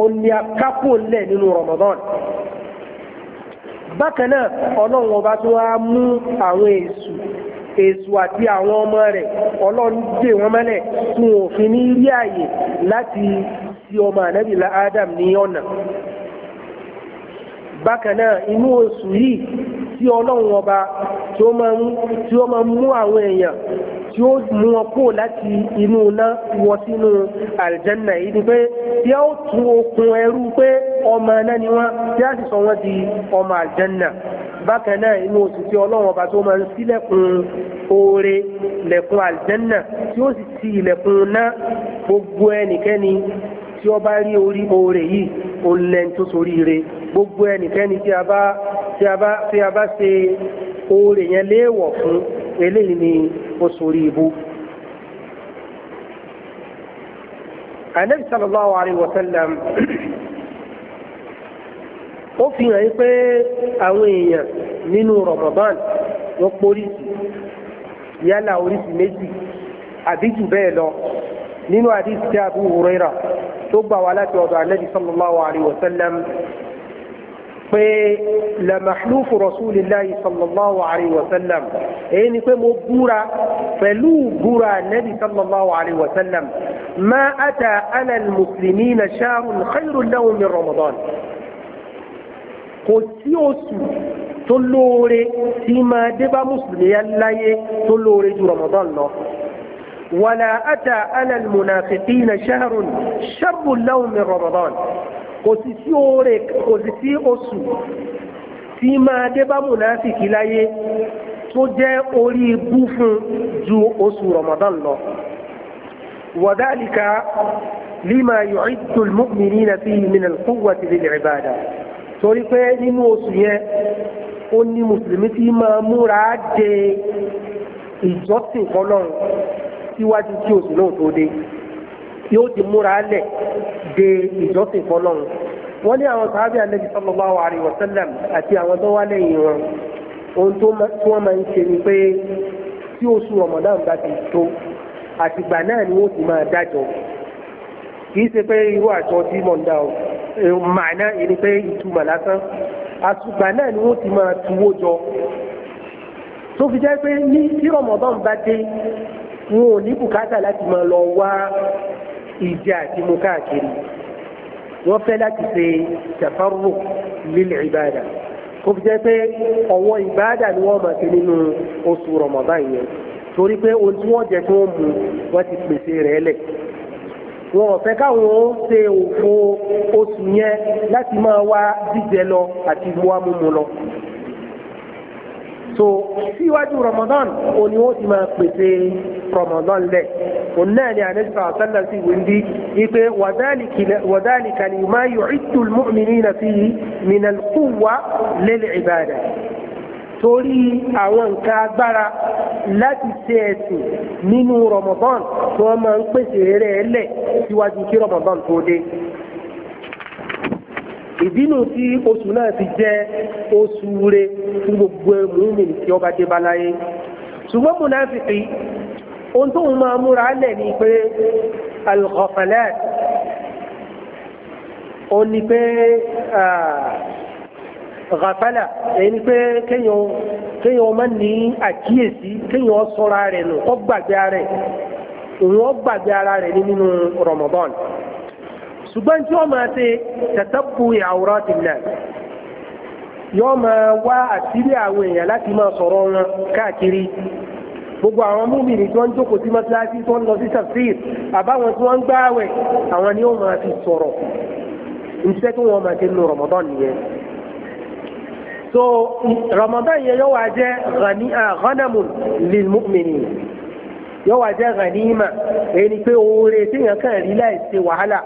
òun ni akápò ńlẹ̀ nínú Ramadan bákan náà ọlọ́run ọba tó wá mú èṣù àti àwọn ọmọ rẹ̀ ọlọ́run dè wọ́n mọ́lẹ̀ fún òfin ní rí àyè láti sí ọmọ ànábì Adam ní ọ̀nà bákan náà inú oṣù yìí tí ọlọ́run ọba tí ó máa mú àwọn èèyàn tí ó mú wọn kó láti inú iná wọ sínú àlìjẹ́nà yìí ni pé yá ó tún okùn ẹrú pé ọmọ náà ni wọ́n tí a sì sọ wọ́n di ọmọ àlìjẹ́nà bákan náà inú oṣù tí ọlọ́run ọba tó máa ń sílẹ̀kùn oore lẹ̀kùn àlìjẹ́nà tí ó sì ti ilẹ̀kùn náà gbogbo ẹnikẹ́ni tí ó bá rí orí oore yìí ó lẹ́ni tó sorí ire gbogbo ẹnikẹ́ni tí a bá ṣe oore yẹn léèwọ̀ fún eléyìí ni ó sori ibú. anabi sallallahu alayhi wa sallam ó fi hàn yín pé àwọn èèyàn nínú Ramadan wọ́n pólísì yálà oríṣi méjì àbí jù bẹ́ẹ̀ lọ nínú àdìsí Abu Huraira tó gbà wá láti ọ̀dọ̀ anabi sallallahu alayhi wa pé lẹ́màlúfù rasulillahi sallallahu alayhi wa sallam èyí ni pé mo búra pẹ̀lú búra nẹ́bí sallallahu alayhi wa sallam ma ata ala al-muslimina shahrun khayrun lahum min ramadan kò sí oṣù tó lóore tí máa dé bá mùsùlùmí láyé tó lóore ju ramadan lọ. wàlà ata ala al-munafiqina shahrun sharrun lahum min ramadan. kò sì sí oore kò sì sí oṣù tí máa dé bá mùnáfìkì láyé tó jẹ́ orí ibú fún ju oṣù Ramadan lọ wàdálìkà lima yu'iddu al-mu'minina fihi min al-quwwati lil-ibada torí pé nínú oṣù yẹn ó ní mùsùlùmí tí máa múra de ìjọsìn fọ́lọ́run síwájú kí oṣù náà tó dé yóò ti múra lẹ̀ de ìjọsìn fọlọ́run wọ́n ní àwọn sàábì ànábì sallallahu alaihi wasallam àti àwọn tó wá lẹ́yìn wọn ohun tí wọ́n máa ń ṣe ni pé tí oṣù Ramadan bá ti tó àtìgbà náà ni wọ́n ti máa dájọ́ kìí ṣe pé irú àjọ tí mò ń dá o màánà ẹni pé ìtumọ̀ lásán àtìgbà náà ni wọ́n ti máa tuwó jọ tó fi jẹ́ pé ní tí Ramadan bá dé wọn ò ní bùkátà láti máa lọ wá ìjẹ àti mú káàkiri wọ́n fẹ́ láti ṣe tẹ̀fọ́rù lílẹ̀ ìbáàdà kó fi jẹ́ pé ọwọ́ ìbáàdà ni wọ́n máa ṣe nínú oṣù Ramadan yẹn torí pé ohun tí wọ́n jẹ tí wọ́n mú wọ́n ti pèsè rẹ̀ lẹ̀ wọn fẹ́ káwọn ó ṣe òfo oṣù yẹn láti máa wá jíjẹ lọ àti mú amúmu lọ so síwájú ramadan o ni ó ti máa pèsè ramadan lẹ o náà ni àlejò àtàlà sí wíńdí wípé wàdálìkà ni máa yọ ìtùl mọ́mìnì na fi minal quwwa lil ibada torí àwọn nǹkan agbára láti ṣe ẹ̀sìn nínú ramadan tí wọ́n máa ń pèsè rẹ̀ lẹ̀ síwájú kí ramadan tó dé ìdínú tí oṣù náà ti jẹ́ oṣù re fún gbogbo mùmí tí ọba dé bá láyé ṣùgbọ́n mùnáfìkì ohun tó ń máa múra lẹ̀ ni pé al-ghafalat ó ní pé ghafala èyí ni pé kéèyàn ọmọ ní àkíyèsí kéèyàn sọ́ra rẹ̀ nù kó ara rẹ̀ nínú Ramadan ṣùgbọ́n tí wọ́n máa ṣe tẹ̀tẹ́pù àwòrán ti nà yọ́ máa wá àṣírí àwọn èèyàn láti máa sọ̀rọ̀ wọn káàkiri gbogbo àwọn múmìnì tí wọ́n ń jókòó sí mọ́tíláṣí tó ń lọ sí tafsir àbáwọn tí wọ́n ń gbáwẹ̀ àwọn ni ó máa fi sọ̀rọ̀ iṣẹ́ tí wọ́n máa ṣe nu Ramadan nìyẹn so Ramadan yẹn yóò wá jẹ́ ghanamun lil mu'minin yóò wá jẹ́ ghanima èyí ni pé oore tí èèyàn kàn rí láì ṣe wàhálà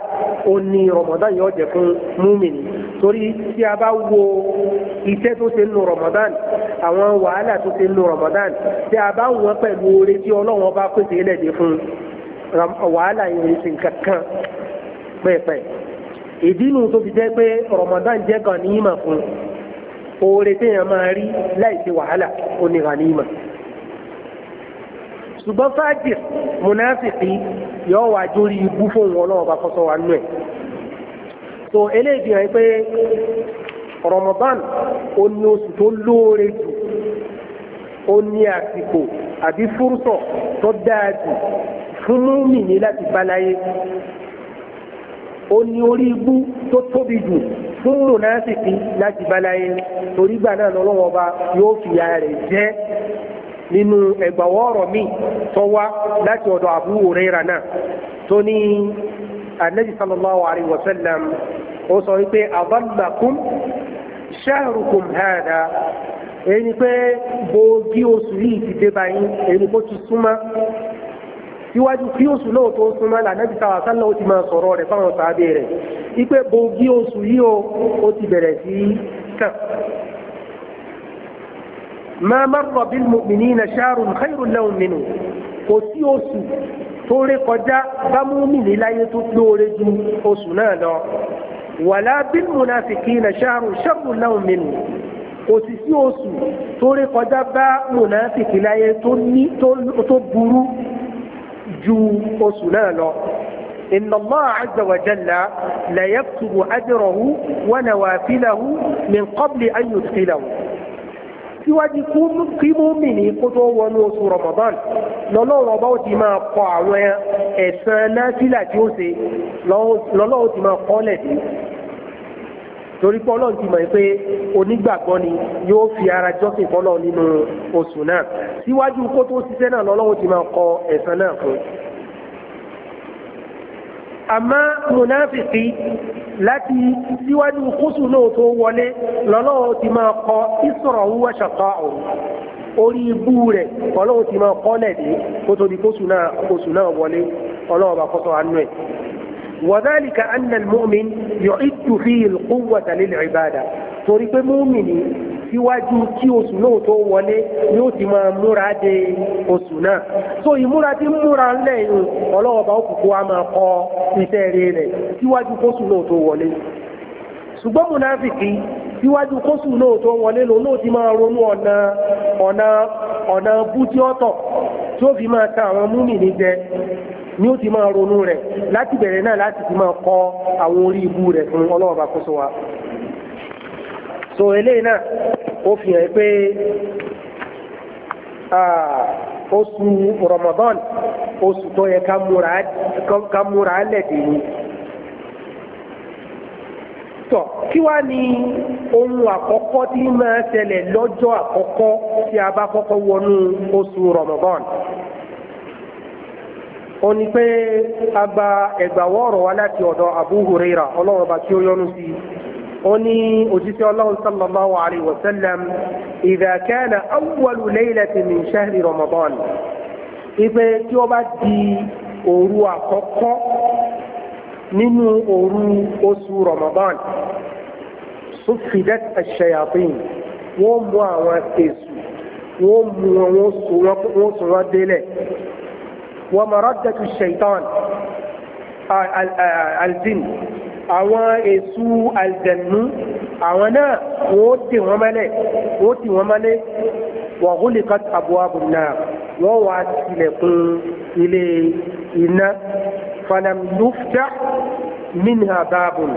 Oni ní Ramadan yóò jẹ fún múmìnì torí tí a bá wo iṣẹ́ tó ṣe nù Ramadan àwọn wàhálà tó ṣe nù Ramadan tí a bá wọn pẹ̀lú oore tí Ọlọ́run bá pèsè ẹlẹ́dẹ̀ fún wàhálà yìí ṣe nǹkan kan pẹ́ẹ́pẹ́ẹ́ ìdínú tó fi jẹ́ pé Ramadan jẹ́ gan ní ìmọ̀ fún oore téèyàn máa rí láì ṣe wàhálà ó ní gan ní ìmọ̀ yọ wà dórí ibú fún wọn náà bá kọ́sọ́ wa nú ẹ̀ so eléyìí fi hàn pé Ramadan ó ní oṣù tó lóore jù ó ní àsìkò àbí fúrúsọ̀ tó dáa jù fún múmìnì láti bá láyé ó ní orí igbú tó tóbi jù fún mùnásìkí láti báláyé torígbà náà lọ́wọ́ ọba yóò fìyà rẹ̀ jẹ nínú ẹgbàwọ́ ọ̀rọ̀ mi tó wá láti ọ̀dọ̀ Abu Huraira náà tó ní sallallahu alayhi ó sọ wípé adhallakum shahrukum hadha ẹni pé gbòógì oṣù yìí ti dé báyìí ẹni kó ti súnmọ́ síwájú kí oṣù náà tó súnmọ́ lànàbí sáwà ti máa sọ̀rọ̀ rẹ̀ fáwọn sàábẹ̀ rẹ̀ wípé oṣù yìí ti bẹ̀rẹ̀ sí kàn ma marra bil mu'minina shahrun khayrun lahum minhu kò sí oṣù tó ré kọjá bá mùmínì láyé tó lóore ju oṣù náà lọ wàlá bil munafiqina shahrun sharrun lahum minhu kò sì sí oṣù tó ré kọjá bá mùnàfìkì láyé tó burú ju oṣù náà lọ إن الله عز وجل لا يكتب أجره ونوافله من قبل أن يدخله síwájú kí múmi ní kó tó wọnú oṣù Ramadan lọ́lọ́run ọba ó ti máa kọ àwọn ẹ̀san náfìlà tí ó ṣe lọ́lọ́run ó ti máa kọ́lẹ̀ dé torí pé ọlọ́run ti mọ̀ pé onígbàgbọ́ ni yóò fi ara jọ́sìn fọlọ́ nínú oṣù náà síwájú kó tó ṣiṣẹ́ náà lọ́lọ́run ó ti máa kọ ẹ̀san náà fún un àmọ́ mùnáfìsì láti síwájú kúsù náà tó wọlé lọ́lọ́wọ́ ti máa kọ ìsọ̀rọ̀ wúwẹ́ ṣọ̀tọ̀ ọ̀hún orí ibú rẹ̀ ọlọ́wọ́ ti máa kọ́ lẹ̀dí kó tó di kóṣù náà wọlé ọlọ́wọ́ bá kọ́tọ̀ àánú ẹ̀. وذلك أن المؤمن يعد فيه القوة للعبادة torí pé múmìnì síwájú kí oṣù náà tó wọlé ni ó ti máa múra de oṣù náà so ìmúra tí múra ń lẹ́yìn ọlọ́wọ́ òkùnkùn wa máa kọ iṣẹ́ rẹ̀ síwájú kóṣù náà tó wọlé ṣùgbọ́n mùnáfìkì síwájú kóṣù náà tó wọlé lò náà ti máa ronú ọ̀nà ọ̀nà ọ̀nà tí ó fi máa ta àwọn múmi ní ni ó ti máa ronú rẹ̀ láti bẹ̀rẹ̀ náà láti ti máa kọ àwọn orí ibu rẹ̀ fún kóṣù so ele náà o fi hàn pé oṣù Ramadan oṣù tó yẹ ká múra lẹ́dìí ni tọ̀ kí wá ní ohun àkọ́kọ́ tí máa ṣẹlẹ̀ lọ́jọ́ àkọ́kọ́ tí a bá kọ́kọ́ wọnú oṣù Ramadan o ni pé a gba wa láti ọ̀dọ̀ Abu ọlọ́run ó أني أجيس الله صلى الله عليه وسلم إذا كان أول ليلة من شهر رمضان إذا تبدي أروى قطة من أرو أسو رمضان صفدت الشياطين وموا واسيسو وموا وصوا ديلي ومردة الشيطان الجن àwọn èṣù àlùjànnú àwọn náà wọ́n tì wọ́n mọ́lẹ̀ wọ́n tì wọ́n mọ́lẹ̀ wa ghuliqat abwabu an-nar wọ́n wá tilẹ̀kùn ilé iná falam yuftah minha babun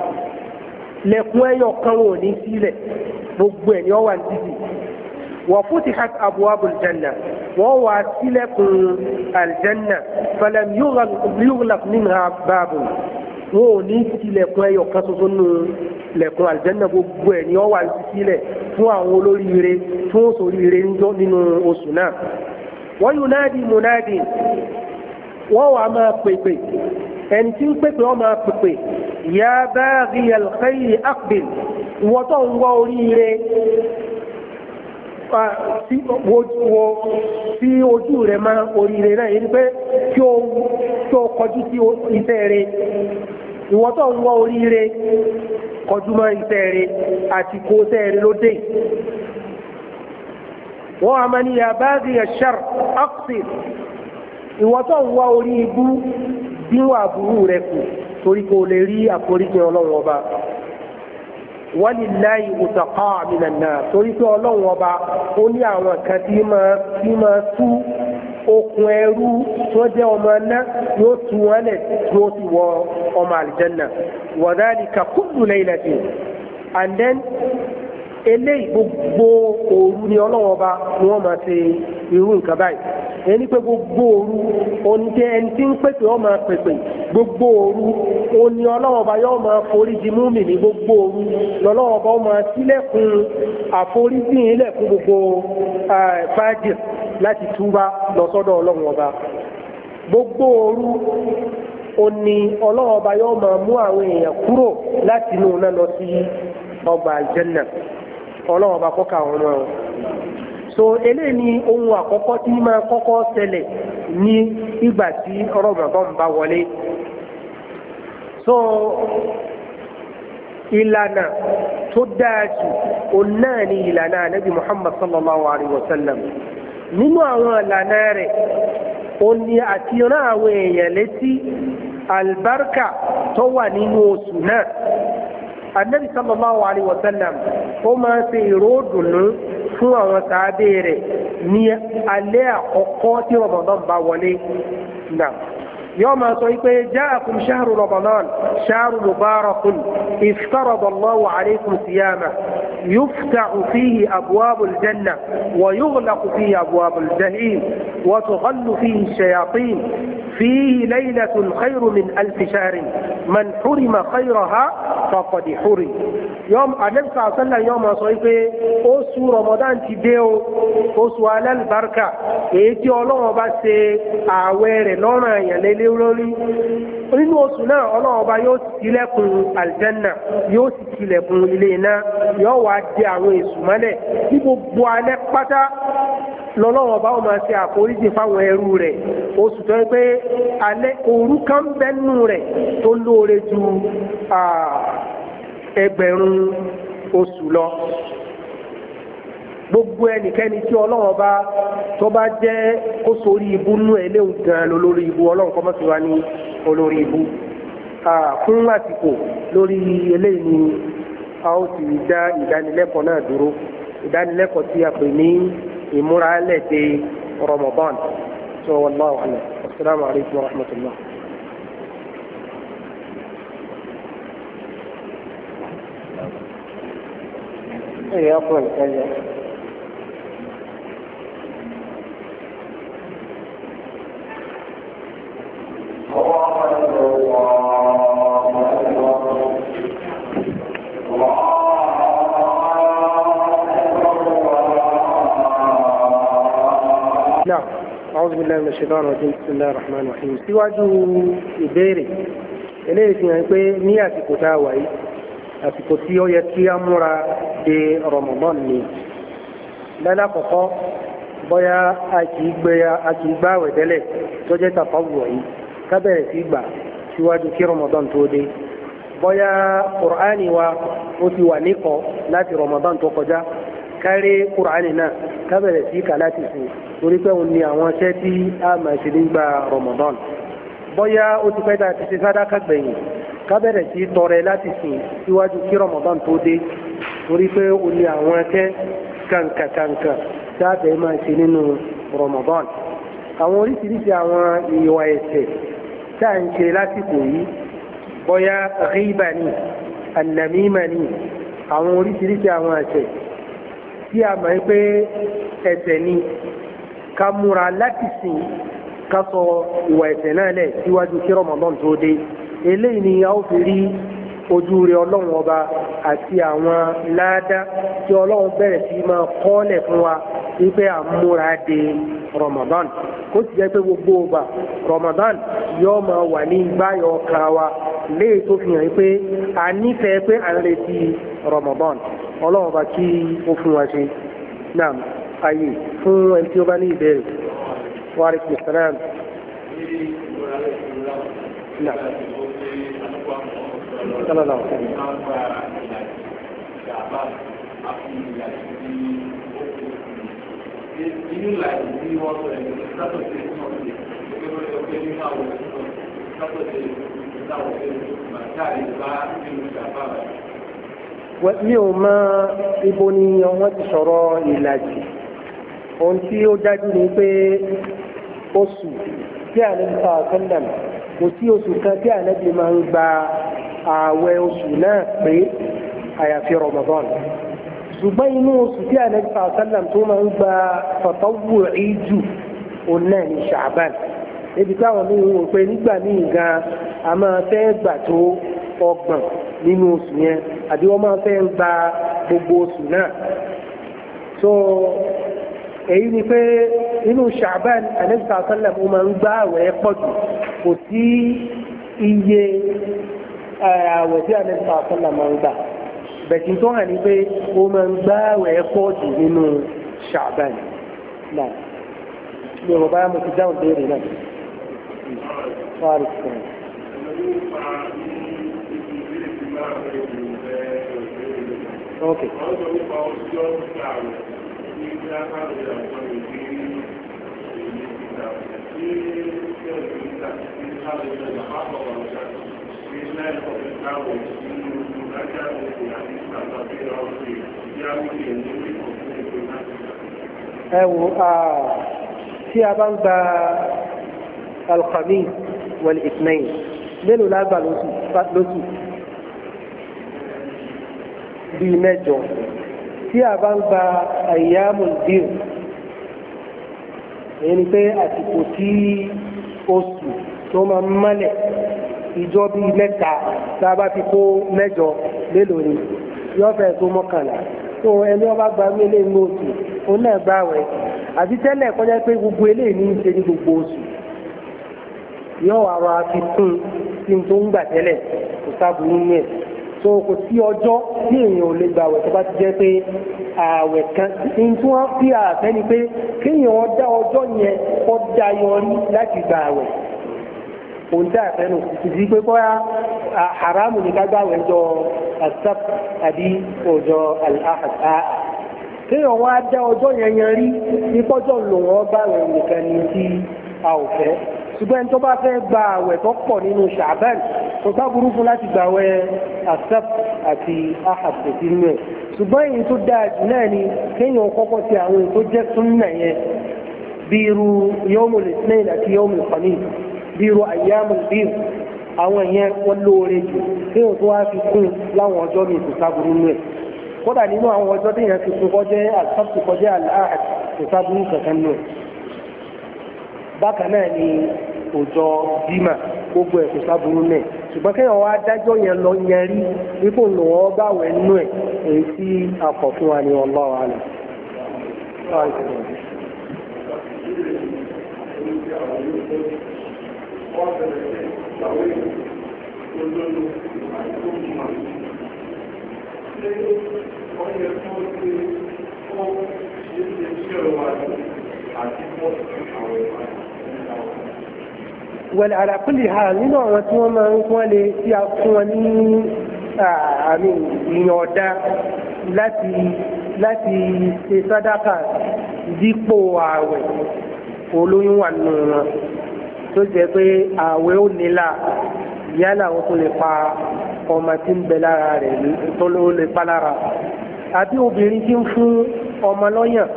lẹ̀kùn ẹyọ kan wò ní sílẹ̀ gbogbo ẹ̀ ni wọ́n wà ní títì wa futihat abwabu al-janna wọ́n wá tilẹ̀kùn al-janna falam yughlaq wọn ò ní tilẹ̀kùn ẹyọ kan ṣoṣo nù lẹ̀kùn àlìjẹ́nà gbogbo ẹ̀ ni ó wà sílẹ̀ fún àwọn olóríire fún òṣòríire nínú oṣù náà wọ́n yunadi munadi wọ́n wà máa pèpè ẹni tí ń pèpè wọ́n máa pèpè ya baghi alkhayri aqbil wọ́n tó ń wá oríire tí ojú rẹ̀ máa oríire náà yìí pé kí o kọjú sí iṣẹ́ rẹ̀ ìwọ́tọ̀ ń wọ́ oríire kọjúmọ́ ìtẹ́ẹ̀rẹ́ àti kó tẹ́ẹ̀rẹ́ ló dé wọ́n a máa ní àbáàdì ẹ̀ṣẹ́r ọ́ksìn ìwọ́tọ̀ ń wọ́ orí ibú díwọ̀ àbúrú rẹ̀ kù torí kò lè rí àforíjì ọlọ́run ọba wọ́n ní láì òtàkọ́ àmì nàná torí pé ọlọ́run ọba okùn ẹrú tó jẹ́ ọmọ ẹ̀ná yóò tú wọn lẹ̀ tó ti wọ ọmọ àlìjẹ́nà wọ̀dáàlì kàkúndù lẹ́yìn àti and then eléyìí gbogbo òru ni ọlọ́wọ́ bá ni wọ́n máa ṣe irú nǹkan báyìí ẹni pé gbogbo òru oníjẹ ẹni tí ń pèpè ọ máa pèpè gbogbo òru oní ọlọ́wọ́ bá yọ máa foríjì múmi ní gbogbo òru lọ́lọ́wọ́ bá ọ máa sílẹ̀kùn àforíjì ilẹ̀kùn gbogbo fájì láti túbá lọ sọ́dọ̀ gbogbo o ni ọlọ́run ọba yóò máa mú àwọn èèyàn kúrò láti inú náà lọ sí ọgbà àjẹnà ọba kọ́ka àwọn so eléyìí ni ohun àkọ́kọ́ tí máa kọ́kọ́ ṣẹlẹ̀ ní ìgbà tí ọ̀rọ̀ ń so ìlànà tó dáa jù òun náà ni ìlànà Muhammad sallallahu alayhi wa sallam. nínú àwọn ìlànà rẹ̀ ó ní àti rán àwọn èèyàn létí albarka tó wà nínú oṣù náà anabi sallallahu alayhi wa sallam ó máa ṣe ìró dùnú fún àwọn sàábé rẹ̀ ní alẹ́ àkọ́kọ́ tí rọ̀mọ̀dọ́n bá wọlé náà. يوم أتوئي جاءكم شهر رمضان شهر مبارك افترض الله عليكم صيامه يفتح فيه أبواب الجنة ويغلق فيه أبواب الجهيل وتغل فيه الشياطين فيه ليلة خير من ألف شهر man hurima khayraha faqad hurim yọm anabisa asala yọm sọ pé oṣù rọmọdán ti dé o oṣù alálùbáríkà èyí tí ọlọ́wọ́n bá ṣe ààwẹ̀ rẹ̀ lọ́rùn àyàn lélẹ́ lórí nínú oṣù náà ọlọ́wọ́n bá yóò tilẹ̀kùn aljanna yóò sì tilẹ̀kùn ilé iná yóò wá di àwọn èṣù mọ́lẹ̀ bí gbogbo alẹ́ pátá lọ́lọ́wọ́ bá wọn máa ṣe àforíjì fáwọn ẹrú rẹ̀ oṣù tó yẹ pé alẹ́ òru kan bẹ́nu rẹ̀ tó lò lóore ju ẹgbẹ̀rún oṣù lọ gbogbo ẹnikẹ́ni tí ọlọ́run bá tó bá jẹ́ kó sórí ibú nú ẹ léwu gan lórí ibú ọlọ́run kọ́ mọ́tò wá ní olórí ibú fún àsìkò lórí eléyìí ni a ó ti dá ìdánilẹ́kọ̀ọ́ náà dúró ìdánilẹ́kọ̀ọ́ tí a pè ní ìmúralẹ̀ de Ramadan sọ wọn náà wà ní asalaamualeykum wa rahmatulah. يقول كذا نعم أعوذ بالله من الشيطان الرجيم بسم الله الرحمن الرحيم síwájú ìbéèrè eléyìí fi hàn pé ní àsìkò tá a àsìkò tí ó yẹ kí á múra de Ramadan ni lẹ́la kọ̀kọ́ bóyá a kìí gbéya a kìí gbá àwẹ̀ tẹ́lẹ̀ tó jẹ́ tàfàwọ̀ yìí ká bẹ̀rẹ̀ sí gbà síwájú kí Ramadan tó dé bóyá Kùránì wa ó ti wà níkọ̀ láti Ramadan tó kọjá kárí Kùránì náà ká bẹ̀rẹ̀ sí kà láti sùn torí pé òun ni àwọn iṣẹ́ tí a máa ṣe nígbà Ramadan bóyá ó ti pẹ́ tá ti ṣe sàdáká gbẹ̀yìn ká sí tọrẹ láti sìn síwájú kí Ramadan tó dé torí pé o ní àwọn akẹ́ kàǹkàǹkà dáàbẹ̀ máa ṣe nínú Ramadan àwọn oríṣiríṣi àwọn ìwà ẹ̀ṣẹ̀ tá à ń ṣe lásìkò yìí bóyá ríbà ni ànàmímà ni àwọn oríṣiríṣi àwọn ẹ̀ṣẹ̀ tí a mọ̀ pé ẹ̀ṣẹ̀ ni ká múra láti sìn ká sọ ìwà ẹ̀ṣẹ̀ náà lẹ̀ síwájú kí Ramadan tó dé eléyìí ni a ó fi rí ojú rẹ ọlọ́run ọba àti àwọn ládá tí ọlọ́run bẹ̀rẹ̀ sí máa kọ́lẹ̀ fún wa wípé à ń múra de Ramadan kó sì jẹ́ pé gbogbo ọba Ramadan yóò máa wà ní ìgbáyọ̀ ọkàn wa léè tó fi hàn pé a nífẹ̀ẹ́ pé à ń retí Ramadan ọlọ́run ọba kí ó fún wa ṣe náà ayé fún ẹni tí ó bá ní ìbéèrè wa alaykum salaam. Nah sálọ́lá ọ̀sẹ̀ mi. mi ò mọ ibo ni wọ́n ti sọ̀rọ̀ ìlàjì ohun tí ó dájú ni pé oṣù tí àlejò sọ̀rọ̀ sẹ́lẹ̀m kò sí oṣù kan tí àlejò máa ń gba ààwẹ̀ oṣù náà pé àyàfi Ramadan ṣùgbọ́n inú oṣù tí àlẹ́bí sàlám tó máa ń gba fọ̀tọ́wù ìjù òun náà ní ṣàbán ebi táwọn míì ń wò pé nígbà míì gan a máa fẹ́ gbà tó ọgbọ̀n nínú oṣù yẹn àbí wọ́n máa fẹ́ gba gbogbo oṣù náà so èyí ni pé inú ṣàbán àlẹ́bí sàlám ó máa ń gba àwẹ̀ pọ̀ kò sí iye àwẹ̀ tí ànábì máa ń gbà bẹ̀tì tó hàn ní pé ó máa ń gbá àwẹ̀ pọ̀ jù nínú ṣàbàn náà mi ò bá mo ti dáhùn béèrè náà. Okay. Thank you ẹ wò tí a bá ń gba alkhamis wal ithnain mélòó la gbà lóṣù bíi mẹ́jọ tí a bá ń gba ayyamul dir èyí ni pé àsìkò tí oṣù tó máa ń mọ́lẹ̀ ìjọ bíi mẹ́ta tá a bá ti kó mẹ́jọ lélòó ni yóò fẹ́ tó mọ́kànlá tó ẹni ọba gba mí lé ní oṣù òun náà gbà wẹ̀ àti tẹ́lẹ̀ kọjá pé gbogbo eléyìí ní í ṣe ní gbogbo oṣù yóò wá wá fi kún tí n tó ń gbà tẹ́lẹ̀ kò sábùú nínú ẹ̀ so kò sí ọjọ́ tí èèyàn ò lè gbà wẹ̀ tó bá ti jẹ́ pé ààwẹ̀ kan ní tí wọ́n fi àfẹ́ ni pé kéèyàn ọjọ́ yẹn kọ́ dayọ láti gbà wẹ̀ òun tí a fẹ́ nù ìdí pé kọ́ ya haramu ní kágbáwé ọjọ́ asap àbí ọjọ́ al-ahad kéèyàn wá dá ọjọ́ yẹn yẹn rí nípọ́jọ́ lòun ọba rẹ̀ nìkan ní tí a ò fẹ́ ṣùgbọ́n tó bá fẹ́ gba àwẹ̀ tó pọ̀ nínú ṣàbẹ́n tó bá burú fún láti gba àwẹ̀ asap àti ahad èyí tó dáa jù náà ni kéèyàn kọ́kọ́ ti àwọn èyí tó jẹ́ súnnà yẹn bí irú yawmul ithnain àti yawmul khamis bírò àyàmùn bírò àwọn ìyẹn wọ́n lóore jù tí òun tó wá fi kún láwọn ọjọ́ mi kò sábúrú nù ẹ̀ kódà nínú àwọn ọjọ́ tí ìyẹn fi kún kọjẹ́ àtàkùn kọjẹ́ àlàáhàd kankan nù bákan náà ni òjò bímà gbogbo ẹ̀ kò ṣùgbọ́n kéèyàn wá dájọ́ yẹn lọ yẹn rí wípé òun lòun bá ẹ̀ èyí tí a fún wa ni Allahu alam. Thank you wẹ̀lẹ̀ àràkúlì ha nínú àwọn tí wọ́n máa ń wọ́n lè tí a fún wọn ní àmì ìyànda láti láti ṣe sádákà dípò ààwẹ̀ olóyún wà nínú wọn tó jẹ́ pé ààwẹ̀ ó nílà yálà wọn tó lè pa ọmọ tí ń bẹ lára rẹ̀ tó ló lè pa lára àbí obìnrin tí ń fún ọmọ lọ́yàn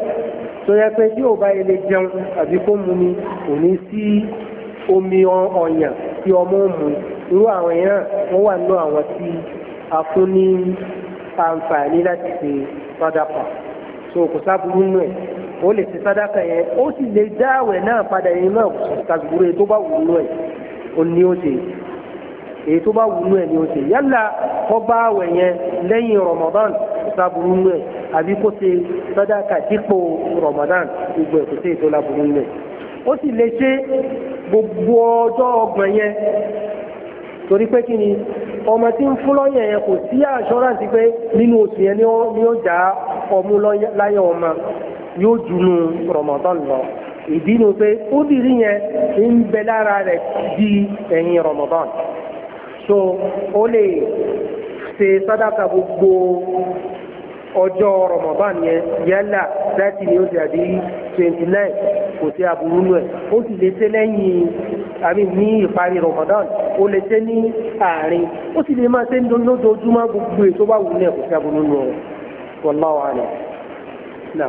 tó yẹ pé tí ò bá ilé jẹun àbí kó mu ni kò ní sí omi ọyàn tí ọmọ ń mu irú àwọn èèyàn wọ́n wà nínú àwọn tí a fún ní àǹfààní láti ṣe padà pa so kò sábúrú nù ẹ̀ ó lè ṣe sádàkà yẹn ó sì lè dá àwẹ̀ náà padà yẹn náà kàgbúrò èyí tó bá wù ú ẹ̀ ó ní ó ṣe èyí tó bá wù ú ẹ̀ ní ó ṣe yálà kó bá àwẹ̀ yẹn lẹ́yìn Ramadan sábúrú nù ẹ̀ àbí kó ṣe sádàkà dípò Ramadan gbogbo ẹ̀ kò sí ètò láburú nù ẹ̀ ó sì lè ṣe gbogbo ọjọ́ ọgbọ̀n yẹn torí pé kí ni ọmọ tí ń fún lọ́yẹ̀ yẹn kò sí assurance pé nínú oṣù yẹn ni ó já ọmú láyọ̀ ọmọ yóò junu Ramadan lọ ìdí ni pé ó dìrí yẹn ń bẹ lára rẹ̀ di ẹ̀yìn Ramadan so ó lè ṣe sàdákà gbogbo ọjọ́ Ramadan yẹn yálà láti ní oṣù àbí twenty nine kò sí aburú nù ẹ̀ ó sì lè ṣe lẹ́yìn àmì ní ìparí Ramadan ó lè ṣe ní àárín ó sì lè máa ṣe lójoojúmọ́ gbogbo ètò bá wù ní ẹ̀ kò sí aburú nù ẹ̀ wallahu a'lam náà.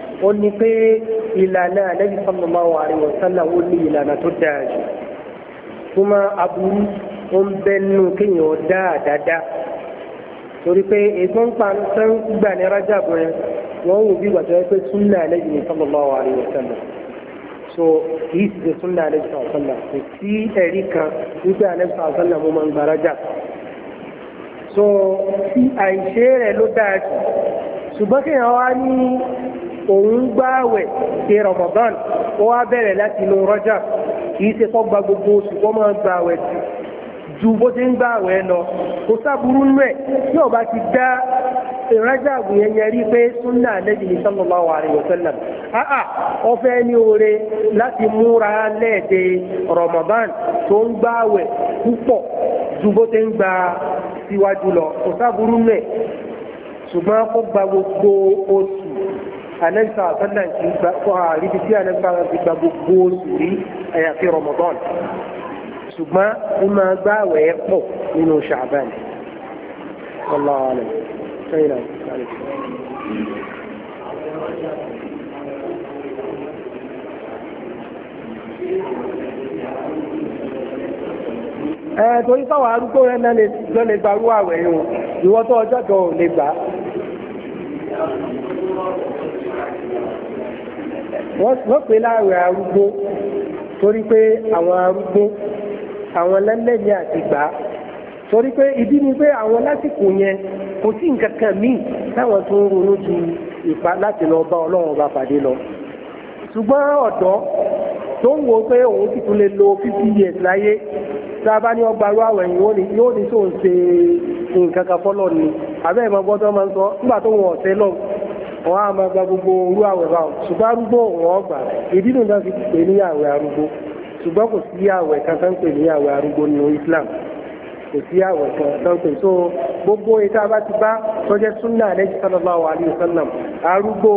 ó ní pé ìlànà ànábì sallallahu alaihi wasallam ó ní ìlànà tó dáa jù súnmọ́ aburú ó ń bẹ́nu kéèyàn dáadáa torí pé ètò ń pa ṣe ń gbà ní Rajab yẹn wọ́n wò bí wàtí wọ́n pé súnà ànábì sallallahu alaihi wasallam so kìí ṣe súnà ànábì sallallahu kò sí ẹ̀rí kan wípé ànábì mo máa ń gba Rajab so àìṣe rẹ̀ ló dáa jù ṣùgbọ́n kéèyàn wá ní òun gbààwẹ̀ ṣe Ramadan ó wá bẹ̀rẹ̀ láti inú rọ́jà kì í ṣe kó gba gbogbo oṣù kó máa gbààwẹ̀ jù ju bó ṣe ń gbààwẹ̀ lọ kò sábúrú nú ẹ̀ tí ó bá ti dá ìrájà àgùnyẹn yẹn rí pé súnà Ànábì ní sallallahu alaihi wasallam àà ọfẹ́ ní oore láti múra lẹ́ẹ̀dẹ̀ Ramadan tó ń gbààwẹ̀ púpọ̀ ju bó ṣe ń gba síwájú lọ kò sábúrú nú ẹ̀ ṣùgbọ́n kó gba gbogbo oṣù anẹ́sà àtọ́lá ti gba fún àríbi tí anẹ́sà ti gba gbogbo oṣù rí àyàfi Ramadan ṣùgbọ́n ó máa gbá àwẹ̀ ẹ̀ pọ̀ nínú Sha'ban Wallahu a'lam ṣẹ́yìn náà sáré. torí táwọn arúgbó rẹ̀ náà lọ lè gbarú àwẹ̀ yìí ìwọ́n tó ọjọ́ kan lè gbà wọ́n pè láàwẹ̀ arúgbó torí pé àwọn arúgbó àwọn lẹ́lẹ́yìn àti gbà torí pé ìdí ni pé àwọn lásìkò yẹn kò sí nǹkan kan míì táwọn tó ń ronú ju ìpa láti lọ bá ọlọ́run bá pàdé lọ ṣùgbọ́n ọ̀dọ́ tó ń wo pé òun sì tún lè lo fifty years láyé tá a bá ní ọgbà arú àwẹ̀ yìí yóò ní tó ń ṣe nǹkan kan fọ́lọ́ ni àbẹ́ ìmọ̀ gbọ́dọ̀ máa ń sọ nígbà tó wọn ọ̀sẹ̀ lọ́wọ́ wọ́n á máa gba gbogbo orú àwẹ̀ bá wọn ṣùgbọ́n arúgbó wọn gbà ìdílù náà fi pè ní àwẹ̀ arúgbó ṣùgbọ́n kò sí àwẹ̀ kan tó ń pè ní àwẹ̀ arúgbó nínú Islam kò sí àwẹ̀ kan tó ń pè so gbogbo ìta bá ti bá tọ́jẹ́ súnà àlẹ́jì sallallahu alayhi wa sallam arúgbó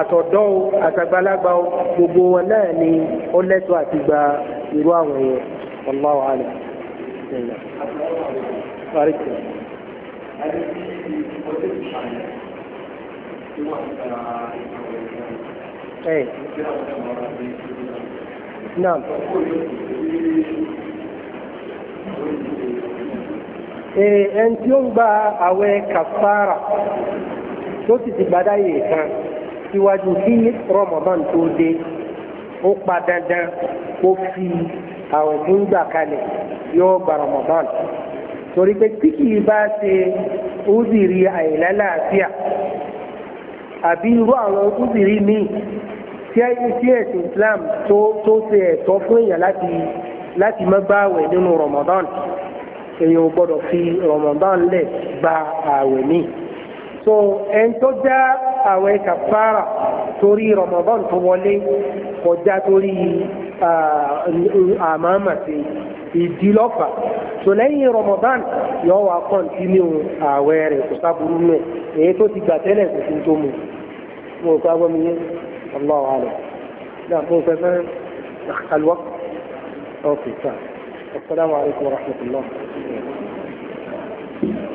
àtọ̀dọ́ o àtàgbàlagbà o gbogbo wọn náà ni ó lẹ́tọ̀ọ́ àti gba irú àwẹ̀ yẹn wallahu Thank you. ايه نعم ẹn tí ó ń gba àwẹ̀ kàfàrà tó sì ti gbàdáyè kan síwájú kí Ramadan tó dé ó pa dandan kó fi àwẹ̀ tó ń gbà kalẹ̀ yóò gba Ramadan torí pé tí kì í bá ṣe ó sì rí àìlálàáfíà àbí irú àwọn ojúbìrí míì tí ẹ̀sìn Islam tó ṣe ẹ̀tọ́ fún èèyàn láti láti má gba àwẹ̀ nínú Ramadan èèyàn ò gbọ́dọ̀ fi Ramadan lẹ̀ gba àwẹ̀ míì so ẹni tó já àwẹ̀ kàfàrà torí Ramadan tó wọlé kọjá torí àmàmà sí so lẹ́yìn Ramadan yóò wá kọ́ntínú àwẹ̀ rẹ̀ kò sábúrú mẹ́ èyí tó ti gbà tẹ́lẹ̀ kò tún tó mu. مقاومة من إيه؟ الله أعلم لا هو تمام الوقت أوكي فهم. السلام عليكم ورحمة الله